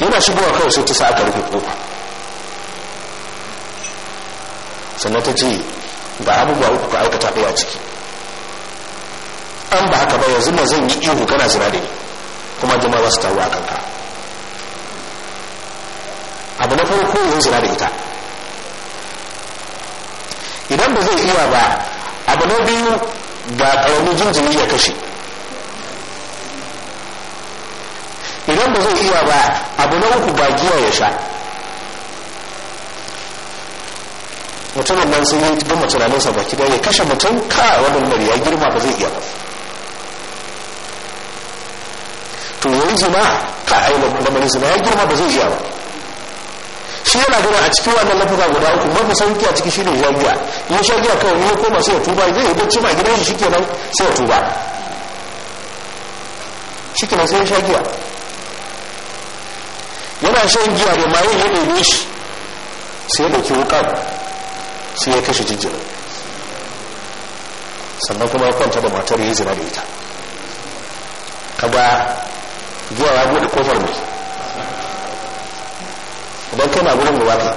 yana shigowa kawai sai ta sa aka rufe kofa sannan ta ce ga abubuwa uku ka aikata ɗaya ciki an ba haka ba yanzu ma zan yi ihu kana zira da ni kuma jama'a ba su taru a kanka abu na farko yanzu zira da ita idan ba zai iya ba abu na biyu ga karami jinjiri ya kashe idan ba zai iya ba abu na uku ba giya ya sha mutumin nan sun yi gama tunaninsa ba ɗaya ya kashe mutum ka wani ya girma ba zai iya ba to wani zina ka aina kuma mai zina ya girma ba zai iya ba shi yana gina a cikin wannan lafuka guda uku mafi sauki a ciki shine ya in giya kawai ne ya koma sai ya tuba zai yi bacci ma gidan shi kenan sai ya tuba shi kenan sai ya sha giya yana shan giya da maye ya ɗebe shi sai ya ɗauki wuka sai ya kashe jinjirin sannan kuma ya kwanta da matar ya zina da ita kaga zuwa ya buɗe kofar mu idan kai na gudun mu ba ta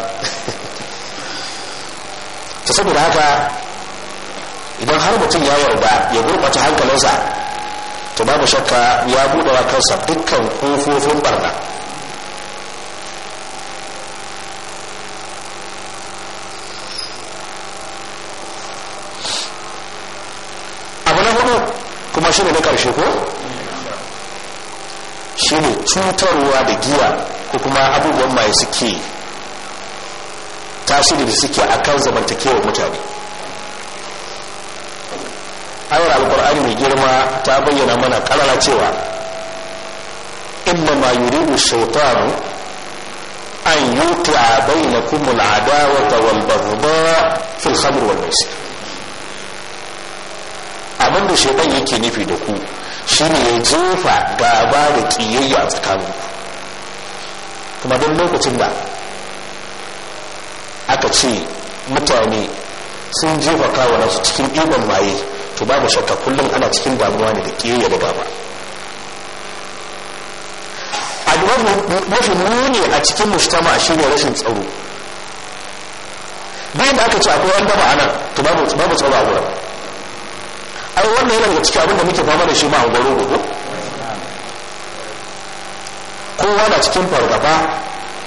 saboda haka idan har mutum ya yarda ya gurɓata hankalinsa to babu shakka ya buɗe wa kansa dukkan kofofin barna abu na hudu kuma shi ne na ƙarshe ko shine cutarwa da giya ko kuma abubuwan mai suke tasiri da suke akan zamantakewar mutane ayar alkur'ani mai girma ta bayyana mana karara cewa inna ma yuridu shautar an yuqa bainakum al'adawata wal baghdha fil khamr wal maisir abinda shaytan yake nufi da ku shine ya jefa gaba da kiyayya a tsakanin kuma don lokacin da aka ce mutane sun jefa kawo su cikin ɗiban maye to babu shakka kullum ana cikin damuwa ne da kiyayya da gaba mafi muni a cikin a shirya rashin tsaro bayan da aka ce akwai an daba anan to babu tsaro a wurin ai wannan yana daga cikin abin da muke fama da shi ba a gwaro ko kowa na cikin fargaba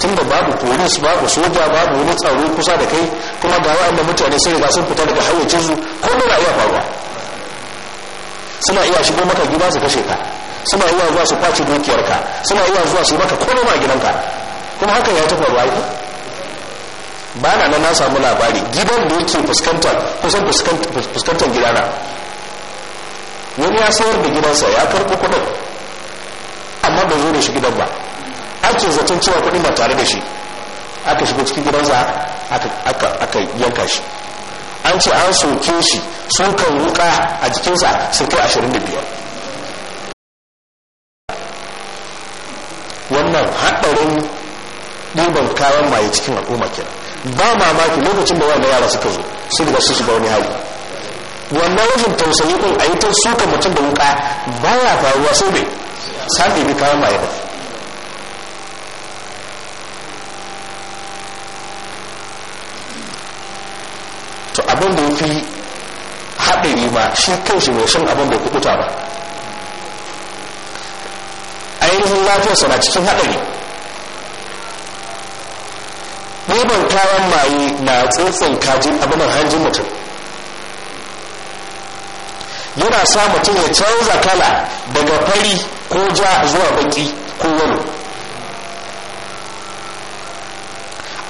tun da babu polis babu soja babu wani tsaro kusa da kai kuma ga wa'anda mutane sun riga sun fita daga hayyacin su ko na iya faruwa suna iya shigo maka gida su kashe ka suna iya zuwa su kwace ka suna iya zuwa su maka komai ma ka kuma haka ya ta faruwa ai ba na na samu labari gidan da yake fuskantar kusan fuskantar gidana wani ya sayar da gidansa ya karɓi kuɗin amma bai zo da shi gidan ba ake zaton cewa kuɗi ba tare da shi aka shiga cikin gidansa aka yanka shi an ce an soke shi sun kan wuka a jikinsa sun kai ashirin da biyar wannan haɗarin ɗiban kayan maye cikin al'umma kenan ba mamaki lokacin da wanda yara suka zo sun riga su shiga wani hali wannan rashin tausayi ɗin a yi ta suka mutum da wuka ya faruwa sai bai sami bi mai maye to abin da ya fi haɗari ma shi kanshi mai shan abin ya kukuta ba ainihin lafiyarsa na cikin haɗari ribar kayan maye na tsotsin kajin abinan hanjin mutum yana sa mutum ya canza kala daga fari ko ja zuwa baki ko wani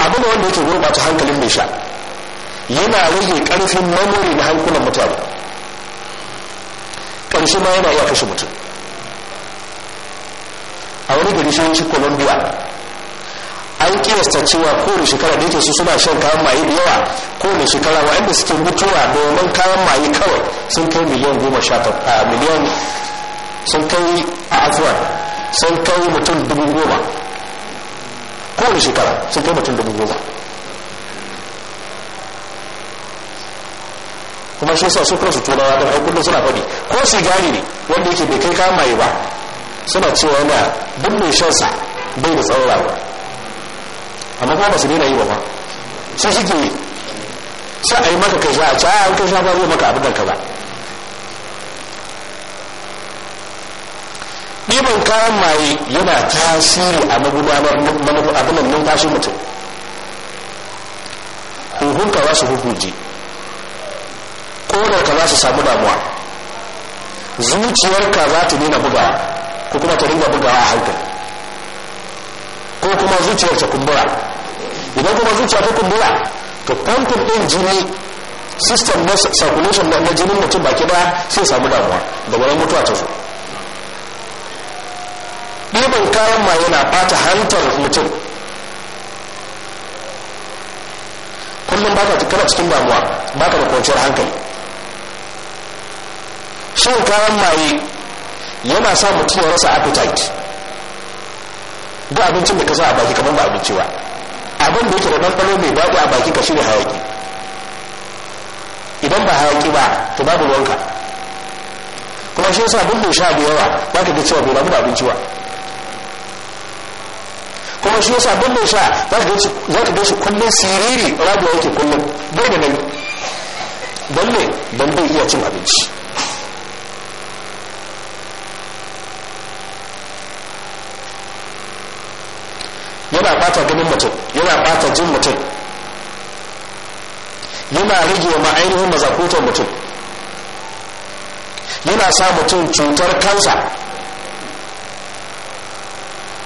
abu da wanda yake gurbata hankalin mai sha yana rage karfin mamori na hankulan mutane ƙarshe ma yana iya kashe mutum a wani gari shi columbia. an kiyasta cewa kowane shekara da yake su suna shan kayan maye da yawa kowane shekara wa inda suke mutuwa domin kayan maye kawai sun kai miliyan goma sha a miliyan sun kai a afuwa sun kai mutum dubu goma kowane shekara sun kai mutum dubu goma kuma shi sa su tura turawa don haikullin suna faɗi ko sigari ne wanda yake bai kai kayan maye ba suna cewa yana duk mai shansa bai da tsawon rayuwa amma kuma ba su daina yi ba sai suke yi sai a yi maka kai sha a caya an kai sha ba maka abin da ka ba ɗiban kayan maye yana tasiri a magudanar nan tashi mutum huhunka za su hukuji kodar ka za su samu damuwa zuciyarka za ta nuna bugawa ko kuma ta ringa bugawa a hankali ko kuma zuciyar ta kumbura idan kuma zuciya ta kumbura to pumping din jini system na circulation na jinin mutum baki daya sai samu damuwa da nan mutuwa ta zo ɗiban kayan ma yana bata hantar mutum kullum baka kana cikin damuwa baka da kwanciyar hankali shan kayan maye yana sa mutum ya rasa appetite duk abincin da ka sa a baki kamar ba abinci ba abin da yake da ɗanɗano mai daɗi a baki ka shirya hayaƙi idan ba hayaƙi ba to babu ruwanka kuma shi yasa abin sha da yawa ba ka ga cewa bai rabu da abinci ba kuma shi yasa abin sha za ka ga shi kullum siriri rabuwa yake kullum bai da nan don ne don bai iya cin abinci yana bata ganin mutum yana bata jin mutum yana rage ma ainihin mazakutan mutum yana sa mutum cutar kansa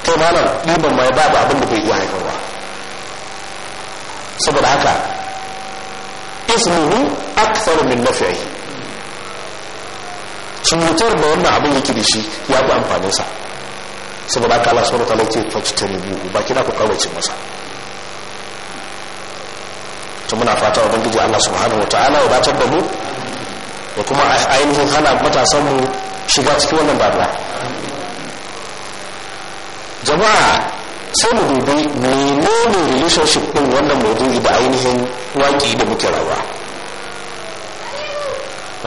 kai nan ɗiban mai babu abin da bai iya haifarwa saboda haka ismuhu akthar min nafi'i cutar da wannan abin yake da shi ya fi sa. saboda haka Allah subhanahu wataala yake fajtanibuhu ba kina ku kawace masa to muna fata bangiji Allah subhanahu wataala ya dace da mu da kuma ainihin hana matasan mu shiga cikin wannan babura jama'a sai mu dubi menene relationship din wannan maudu'i da ainihin waki da muke rawa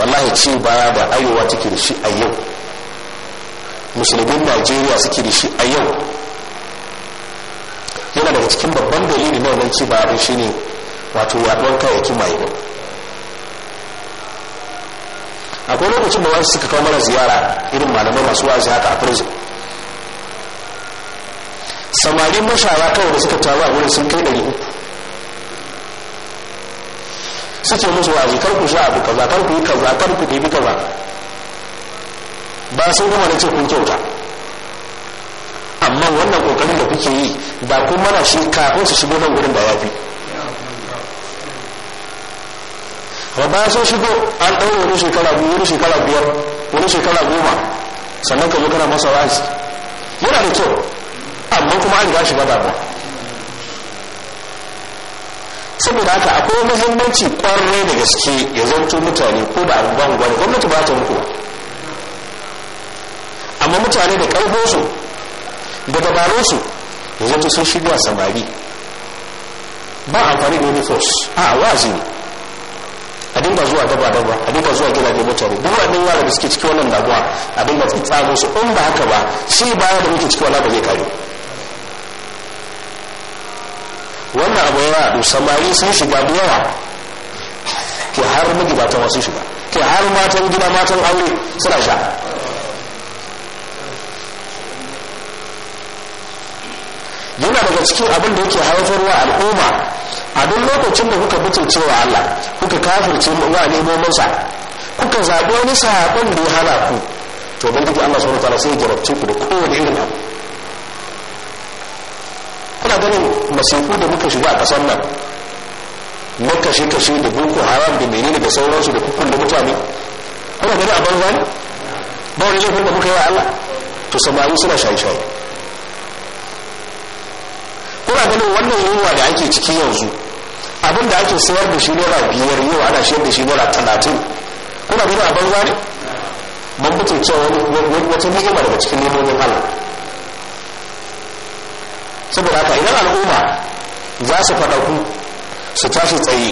wallahi ci baya da ayowa take da shi a yau musulmin najeriya suke da shi a yau yana daga cikin babban dalilin na wannan shi ne wato yaɗuwar kayayyakin maye akwai lokacin da wasu suka kawo mana ziyara irin malamai masu wazi haka a prison Samari mashara kawai da suka taru a wurin sun kai ɗari uku suke musu wazi kar ku sha abu kaza kar ku yi kaza kar ku ɗebi kaza ba su kuma na ce kun kyauta amma wannan kokarin da kuke yi ba kun mana shi kafin su shigo nan gudun da ya fi ba sun shigo an ɗaya wani shekara biyu wani shekara biyar wani shekara goma sannan ka zo kana masa wa'azi yana da kyau amma kuma an gashi ba ba saboda haka akwai muhimmanci kwarai da gaske ya zanto mutane ko da abubuwan gwani gwamnati ba ta mutuwa amma mutane da ƙarfosu da dabarunsu ya zato sun shirya samari ba amfani da wani a wazi ne a dinga zuwa daba daba a dinga zuwa da mutane duk wannan yara da suke cikin wannan damuwa a dinga tsamo su in ba haka ba shi baya da muke cikin wala ba zai kare wannan abu ya haɗu samari sun shiga da yawa ke har magidatan wasu shiga ke har matan gida matan aure suna sha yana daga cikin abin da yake haifarwa al'umma a duk lokacin da kuka butulce wa Allah kuka kafirce wa nemominsa kuka zaɓi wani saƙon da ya hana ku to ban duka Allah subhanahu ta'ala sai ya jarabce ku da kowane irin abu kuna ganin masifu da muka shiga a kasar nan na kashe-kashe da boko haram da menene da sauransu da kukun da mutane kuna ganin a banza ne ba wani zai da muka yi wa Allah to samari suna shaye-shaye ganin wannan yunwa da ake ciki yanzu abin da ake sayar da shi naira biyar yau ana sayar da shi naira talatin kuna gani a banza ne ban mutum cewa wata ni'ima daga cikin nemomin allah saboda haka idan al'umma za su faɗaku su tashi tsaye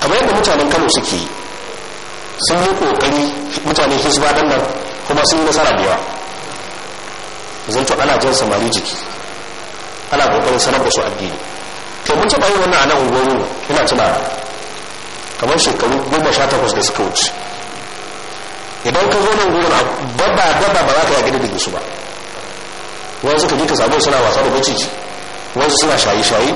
kamar yadda mutanen kano suke yi sun yi kokari mutanen hisba nan kuma sun yi nasara da yawa zan ana jan samari jiki ana kokarin sanar da su addini to mun taɓa yin wannan a nan unguwarmu ina tuna kamar shekaru goma sha takwas da suka wuce idan ka zo nan a dabba dabba ba za ka yaƙi da su ba wani suka ji ka samu suna wasa da maciji wani suna shaye-shaye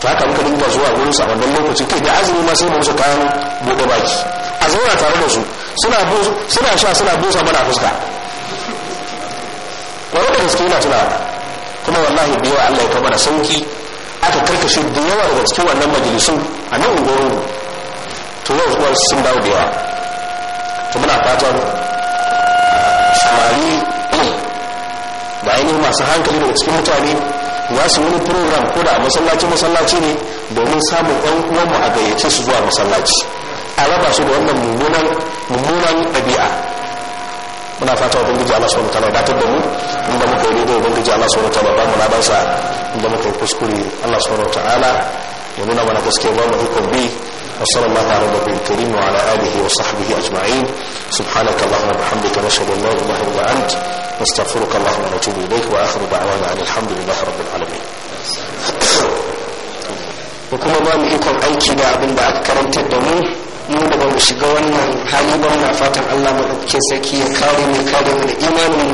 ta haka muka dinga zuwa gurin sa wannan lokacin kai da azumi ma sai mu musu kayan buɗe baki a zauna tare da su suna suna sha suna busa mana fuska kwarar da gaske yana tuna kuma wallahi biyo Allah ya kama da sauki aka karkashe da yawa daga cikin wannan majalisun a nan ungoron to yau zuwa sun dawo da yawa to muna fatan samari da ainihin masu hankali daga cikin mutane za su wani program ko da a masallaci masallaci ne domin samun yan uwanmu a gayyace su zuwa masallaci a raba su da wannan mummunan ɗabi'a muna fata wa ubangiji Allah subhanahu wataala da mu inda muka kai daidai ubangiji Allah subhanahu wataala ba mu na bansa inda muka yi kuskure Allah subhanahu wataala ya nuna mana gaske ba mu ikon bi وصلى الله على النبي الكريم وعلى آله وصحبه أجمعين سبحانك اللهم وبحمدك mu ikon aiki da abin da aka karantar da mu mu da ba mu shiga wannan hali ba muna fatan allah maɗaukakin saki ya kare mu kare mu da imanin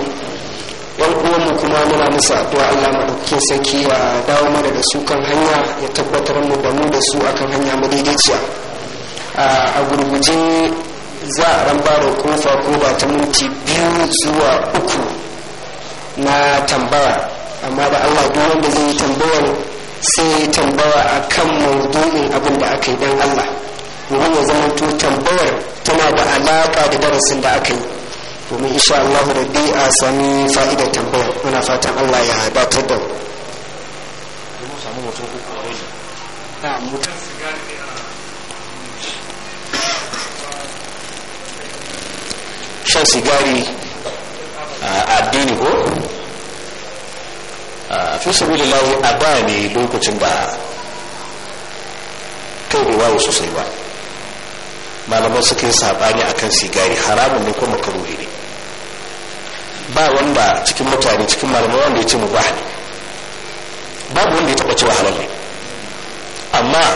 yan mu kuma muna musu addu'a allah maɗaukakin saki ya dawo mu daga su kan hanya ya tabbatar mu da mu da su akan hanya mu madaidaiciya a gurguje za a ran ba da kofa ko ba ta minti biyu zuwa uku na tambaya. amma da allah duk wanda zai yi tambayar sai tambaya akan maudu'in abin da aka yi dan allah domin ya zama tambayar tana da alaƙa da darasin da aka yi domin insha Allah rabbi a sami fa'idar tambaya muna fatan Allah ya datar da mu shan sigari a addini ko a fi sabi a ba ne lokacin ba kai bai wayo sosai ba malaman suke yi saɓani a kan sigari haramun ne ko makaruhi ne ba wanda cikin mutane cikin malamai wanda ya ce mubah ne babu wanda ya taɓa cewa halal ne amma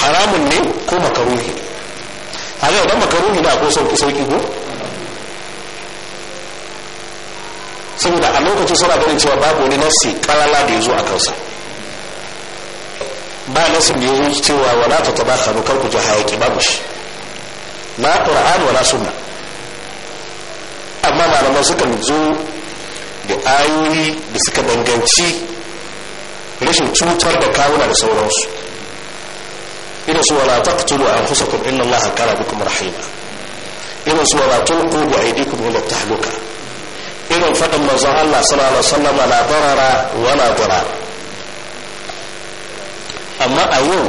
haramun ne ko makaruhi ne a yau dan makaruhi ne ko sauki sauki ko saboda a lokacin suna ganin cewa babu wani nasi kalala da ya zo a kansa ba nasin da ya zo cewa wala ta taba kanu kar ku ji hayaki babu shi na qur'an wala suna amma malaman sukan zo da ayoyi da suka danganci rashin cutar da kawuna da sauransu irin su wala taqtulu anfusakum inna allah kana bikum rahima ina su wala tulqu bi aydikum ta tahluka irin faɗin manzon Allah sallallahu alaihi wasallam barara wa wala dirar amma a yau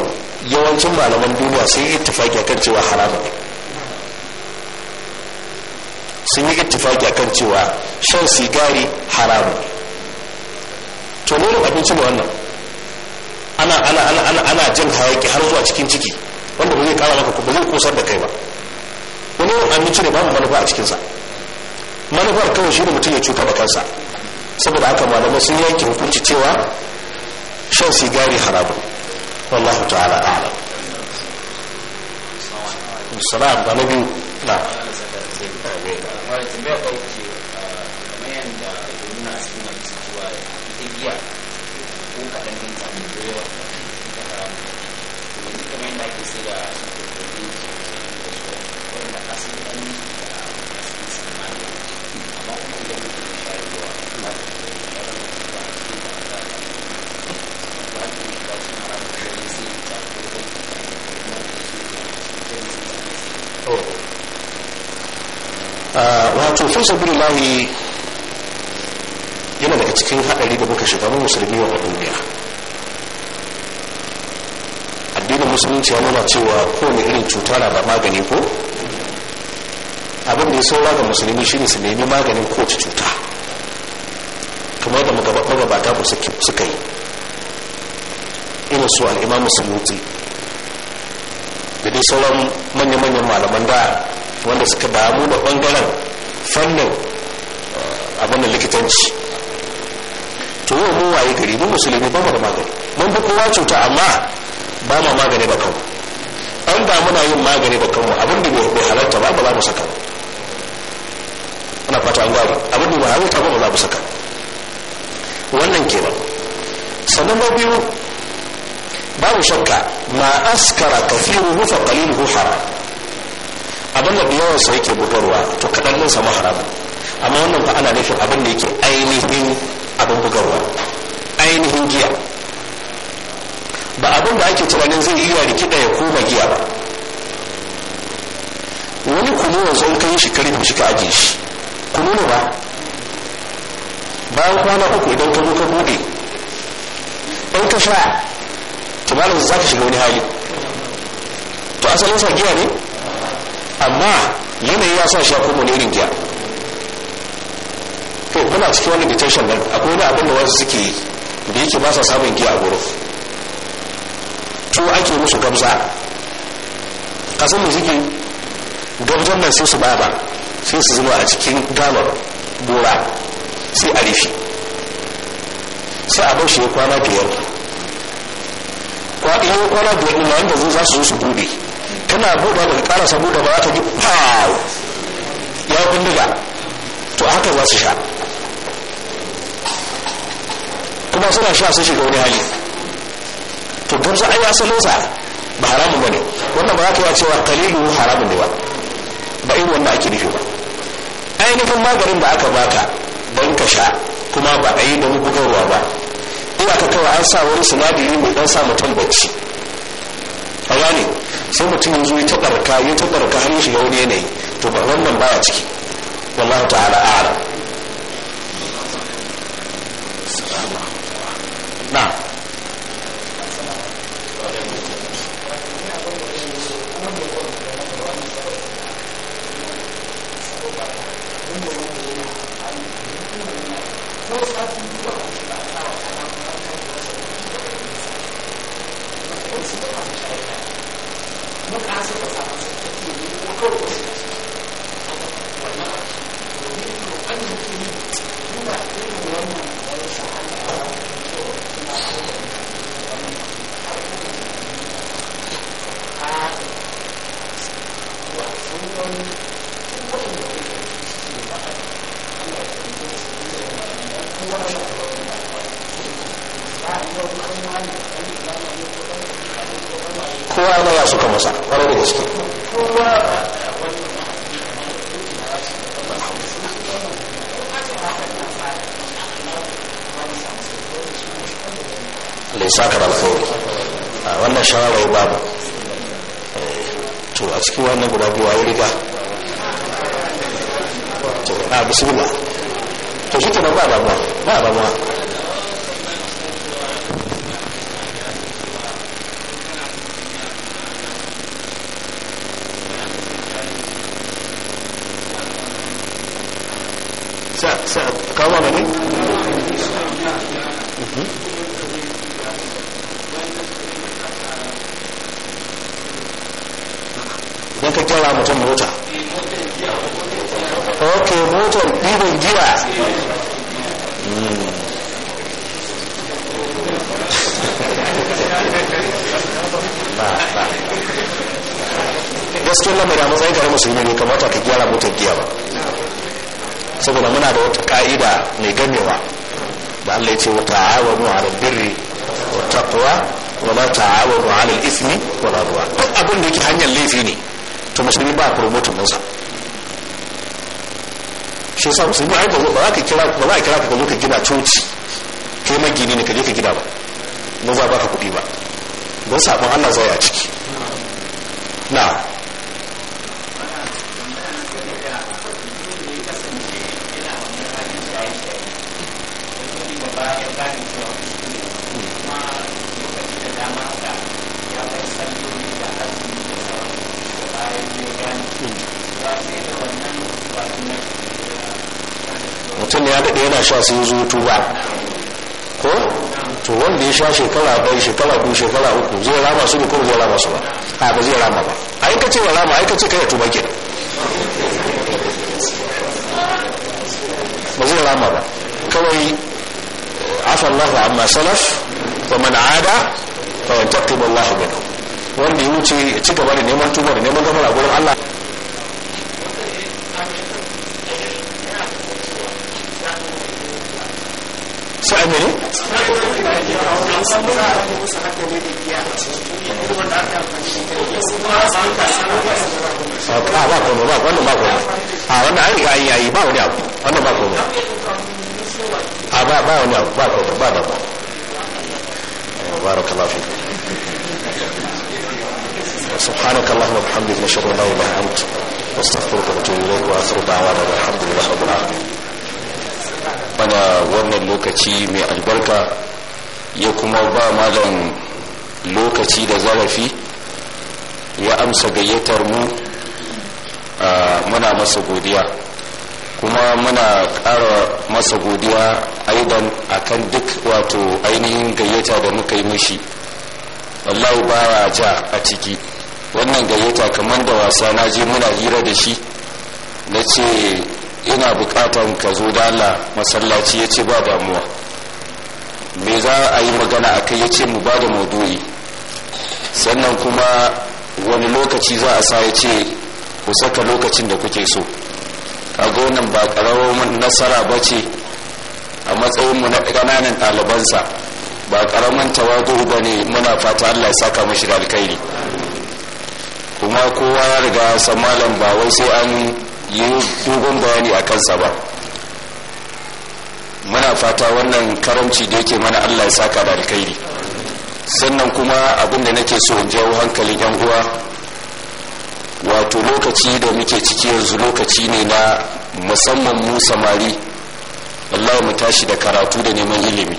yawancin malaman duniya sai yi ittifaki kan cewa haramun sun yi ittifaki kan cewa shan sigari haramu to nonon abinci ne wannan ana ana ana ana ana jin hayaki har zuwa cikin ciki wanda ba zai kara maka ba zai kosar da kai ba wani abinci ne babu manufa a cikinsa manufar kawai shi ne mutum ya cuta da kansa saboda haka malamai sun yanke hukunci cewa shan sigari haramu wallahu ta'ala a'lam salam ba na biyu na Ah, wato fi lahi yana daga cikin haɗari da muka shiga mu musulmi wa duniya addinin musulunci ya nuna cewa kowane irin cuta na da magani ko abin da ya saura ga musulmi shine su nemi maganin kowace cuta kamar da magabata ku suka yi irin su al'imamu sumuti da dai sauran manya-manyan malaman da wanda suka damu da bangaren fannin eh, abin da likitanci to yau mun waye gari mun musulmi ba mu da magani mun bi kowa cuta amma ba ma magani ba kanmu an da muna yin magani ba kanmu abin da bai halarta ba ba za mu saka ana fata an gwari abin da bai halarta ba ba za mu saka wannan kenan sannan ba biyu babu shakka ma askara kafiru rufa qaliluhu haram abin da yawan sa yake bugarwa to kaɗan mun samu haram amma wannan ba ana nufin abin da yake ainihin abin bugarwa ainihin giya ba abin da ake tunanin zai iya rikida ya koma giya ba wani kuma wanzu in kai shi karfin shi ka ajiye shi kunu ne ba bayan kwana uku idan ka zo ka bude in ka sha tumanin za ka shiga wani hali to asalin sa giya ne amma yanayi ya sa shi ya koma irin giya to muna cikin wani detention nan akwai wani abin da wasu suke yi da yake ba sa samun giya a gurin to ake musu gamsa kasan da suke gamzan nan sai su bada sai su zama a cikin gamar bora sai a rufe sai a bar shi ya kwana biyar kwa iya kwana biyar ɗin yayin da za su zo su bude tana buɗa ba ƙara ƙarasa buɗa ba za ka ji pow ya bindiga to haka za su sha kuma suna sha su shiga wani hali to gamsa ai asalinsa ba haramun ba ne wannan ba za ka yi cewa kalilu haramun ne ba ba irin wanda ake nufi ba ainihin maganin da aka baka don ka sha kuma ba a yi da bugarwa ba ina ka kawai an sa wani sinadari mai dan sa mutum bacci a ne sai mutum ya ya taɓarka ya taɓarka har ya shiga wani yanayi to ba wannan baya ciki wallahu ta'ala a'lam sakar a wannan shawarar ya babu eh, to a cikin wannan guda biyu a yi riga to a bisu ba to shi kenan ba ba ba ba ba ba zuwa gaskiyar lamari a matsayin tare musulmi ne kamata ka gyara motar giya ba saboda muna da wata ka'ida mai ganewa da Allah ya ce wa ta'awanu ala birri wa taqwa wa la ta'awanu mu al-ithmi wa la duk abin da yake hanyar laifi ne to musulmi ba motar din shi yasa musulmi ai ba za ka kira ba za ka kira ka zo ka gina coci kai magini ne ka je ka gina ba ba za ba ka kuɗi ba don sabon Allah zai a ciki na'am sha sai zo tuba ko to wanda ya sha shekara bai shekara biyu shekara uku zai rama su ne ko zai rama su ba a ba zai rama ba ai ka ce rama ai ka ce kai tuba ke ba zai rama ba kawai afa Allah amma salaf wa man ada fa yantaqim Allah minhu wanda ya wuce ci gaba da neman tuba da neman gafara gurin Allah an ne ba ba komai ba wannan ba komai a wannan an riga an yayi ba wani abu wannan ba komai a ba ba wani abu ba komai ba da ba barakallahu fiku سبحانك اللهم وبحمدك نشهد ان لا اله الا انت نستغفرك ونتوب اليك واخر دعوانا الحمد لله رب العالمين mana wannan lokaci mai albarka ya kuma ba malam lokaci da zarafi ya amsa gayyatar mu muna masa godiya kuma muna ƙara masa godiya aidan kan duk wato ainihin gayyata da muka yi mishi wallahi baya ja a ciki wannan gayyata kamar da wasa na je muna hira da shi na ce ina bukatan ka zo da Allah masallaci ya ce ba damuwa me za a yi magana a kai ya ce mu ba da maudu'i sannan kuma wani lokaci za a sa ya ce ku saka lokacin da kuke so a gonan ba ƙaramin nasara ba ce a matsayinmu na ƙananan ɗalibansa ba ƙaramin tawago ba ne muna fata Allah ya saka mashi da alkairi kuma kowa ya riga san malam ba wai sai an yi dogon bayani a kansa ba muna fata wannan karamci da yake mana allah ya saka da alkhairi sannan kuma abin da nake so in jawo hankali yan uwa wato lokaci da muke ciki yanzu lokaci ne na musamman mu samari allah mu tashi da karatu da neman ilimi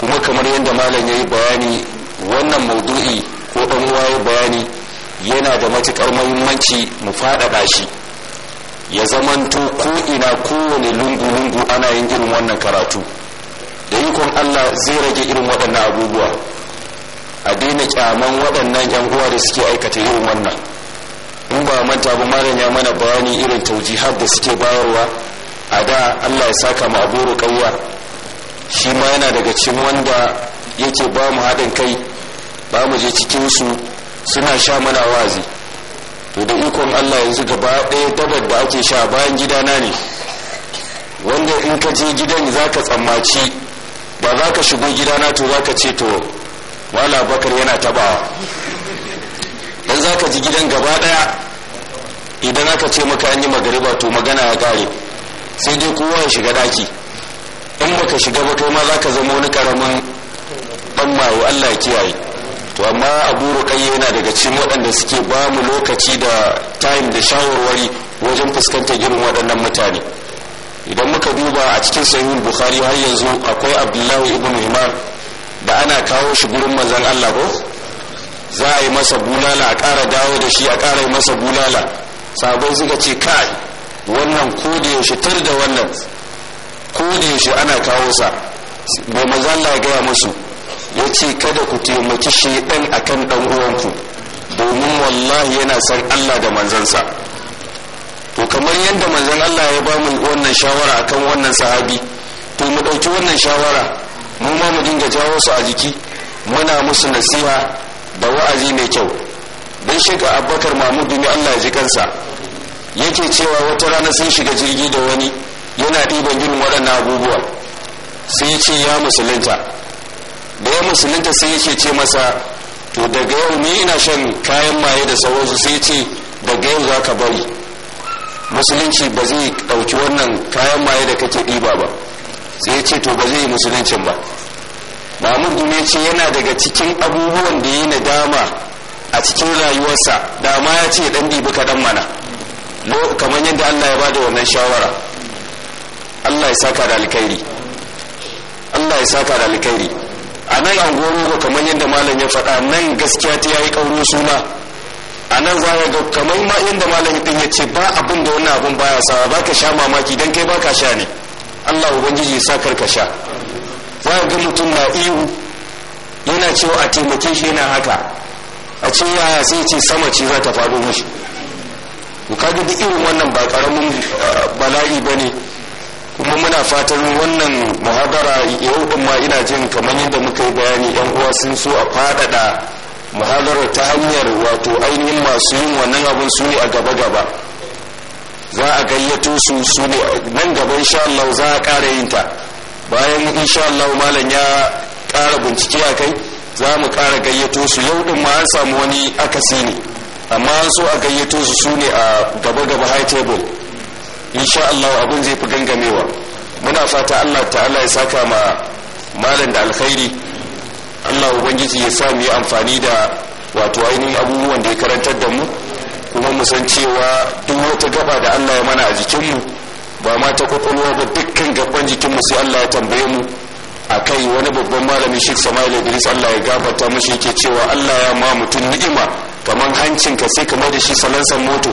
kuma kamar yadda malam ya yi bayani wannan maudu'i ko ɗan uwa ya bayani yana da matuƙar muhimmanci mu faɗaɗa shi ya zamanto ko ina kowane lungu-lungu ana yin irin wannan karatu da ikon allah zai rage irin waɗannan abubuwa a daina kyaman waɗannan yan uwa da suke aikata irin wannan in ba manta ba malam ya mana bayani irin taujihar da suke bayarwa a da allah ya saka mu abu ruƙayya shi ma yana daga cikin wanda yake ba mu haɗin kai ba mu je cikinsu suna sha mana wazi da ikon allah yanzu gaba ɗaya dabar da ake sha bayan gidana ne wanda in ka je gidan za ka tsammaci ba za ka shigo gidana to za ka ce to wala bakar yana tabawa dan za ka ji gidan gaba ɗaya idan aka ce maka an yi magariba to magana ya kare sai dai kowa ya shiga daki in baka shiga ba kai ma za ka zama wani karamin ɗan mayo allah ya kiyaye to amma abu rukayya yana daga cikin waɗanda suke ba mu lokaci da time da shawarwari wajen fuskantar irin waɗannan mutane idan muka duba a cikin sahihul bukhari har yanzu akwai abdullahi ibn himar da ana kawo shi gurin manzon Allah ko za a yi masa bulala a ƙara dawo da shi a ƙara yi masa bulala sabon suka ce kai wannan ko da yaushe tar da wannan ko da yaushe ana kawo sa ba manzon Allah ya gaya musu ya ce kada ku taimaki shaidan akan dan uwanku domin wallahi yana san Allah da manzansa to kamar yadda manzan Allah ya ba mu wannan shawara akan wannan sahabi to mu ɗauki wannan shawara mu ma mu dinga jawo su a jiki muna musu nasiha da wa'azi mai kyau don shiga abubakar mahmudu ne Allah ya ji kansa yake cewa wata rana sun shiga jirgi da wani yana ɗiban yin waɗannan abubuwa sai ce ya musulunta da ya musulunta sai yake ce masa to daga yau ni ina shan kayan maye da sauransu sai ce daga yau za ka bari musulunci ba zai ɗauki wannan kayan maye da kake ɗiba ba sai ce to ba zai yi musuluncin ba mahmud dume ce yana daga cikin abubuwan da yi nadama a cikin rayuwarsa dama ya ce ɗan ɗibi kaɗan mana kamar yadda allah ya bada wannan shawara allah ya saka da alkhairi allah ya saka da alkhairi a nan angorugo kamar yadda malam ya faɗa nan gaskiya ta yayi kauro suna a nan za ga kamar ma yadda malam din ya ce ba abin da wannan abin baya sa ba ka sha mamaki dan kai ba ka sha ne allah ubangiji ya sa ka sha za ga mutum na ihu yana cewa a taimake shi yana haka a ce yaya sai ya ce sama ce za ta faɗo mishi kaga duk irin wannan ba karamin ah, bala'i ba ne kuma muna fatan wannan muhabara yau din ma ina jin kamar yadda muka yi bayani yan uwa sun so a faɗaɗa muhabarar ta hanyar wato ainihin masu yin wannan abin su ne a gaba-gaba za a gayyato su su ne nan gaba insha Allah za a ƙara yin ta bayan insha Allah malam ya ƙara bincike a kai za mu ƙara gayyato su yau din ma an samu wani akasi ne amma an so a gayyato su su ne a gaba-gaba high table insha Allah abin zai fi gangamewa muna fata Allah ta'ala ya saka ma malam da alkhairi Allah ubangiji ya sa mu yi amfani da wato ainihin abubuwan da ya karantar da mu kuma mu san cewa duk wata gaba da Allah ya mana a jikinmu ba ma ta kwakwalwa ba dukkan gaban mu sai Allah ya tambaye mu a kai wani babban malami Sheikh Samuel Idris Allah ya gafarta mishi yake cewa Allah ya ma mutum ni'ima kamar hancinka sai kamar da shi salansan moto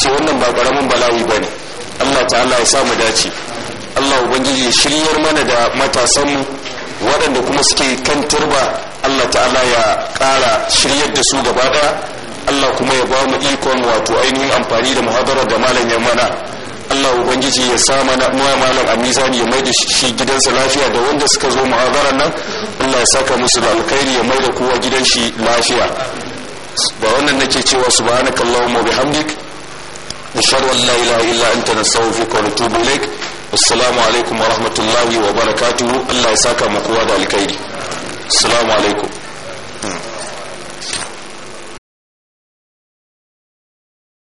ce wannan ba karamin bala'i ne. Allah ta'ala ya samu dace Allah ubangiji ya shiryar mana da matasanmu waɗanda kuma suke kan turba Allah ta'ala ya ƙara shiryar da su gaba ɗaya Allah kuma ya ba mu ikon wato ainihin amfani da muhadarar da malam ya mana Allah ubangiji ya sa mana muwa malam a ya maida shi gidansa lafiya da wanda suka zo muhadarar nan Allah ya saka musu da alkhairi ya maida kowa gidan shi lafiya da wannan nake cewa subhanakallahumma bihamdik نشهد أن لا إله إلا أنت نستغفرك ونتوب إليك السلام عليكم ورحمة الله وبركاته الله يساك مقوى ذلك السلام عليكم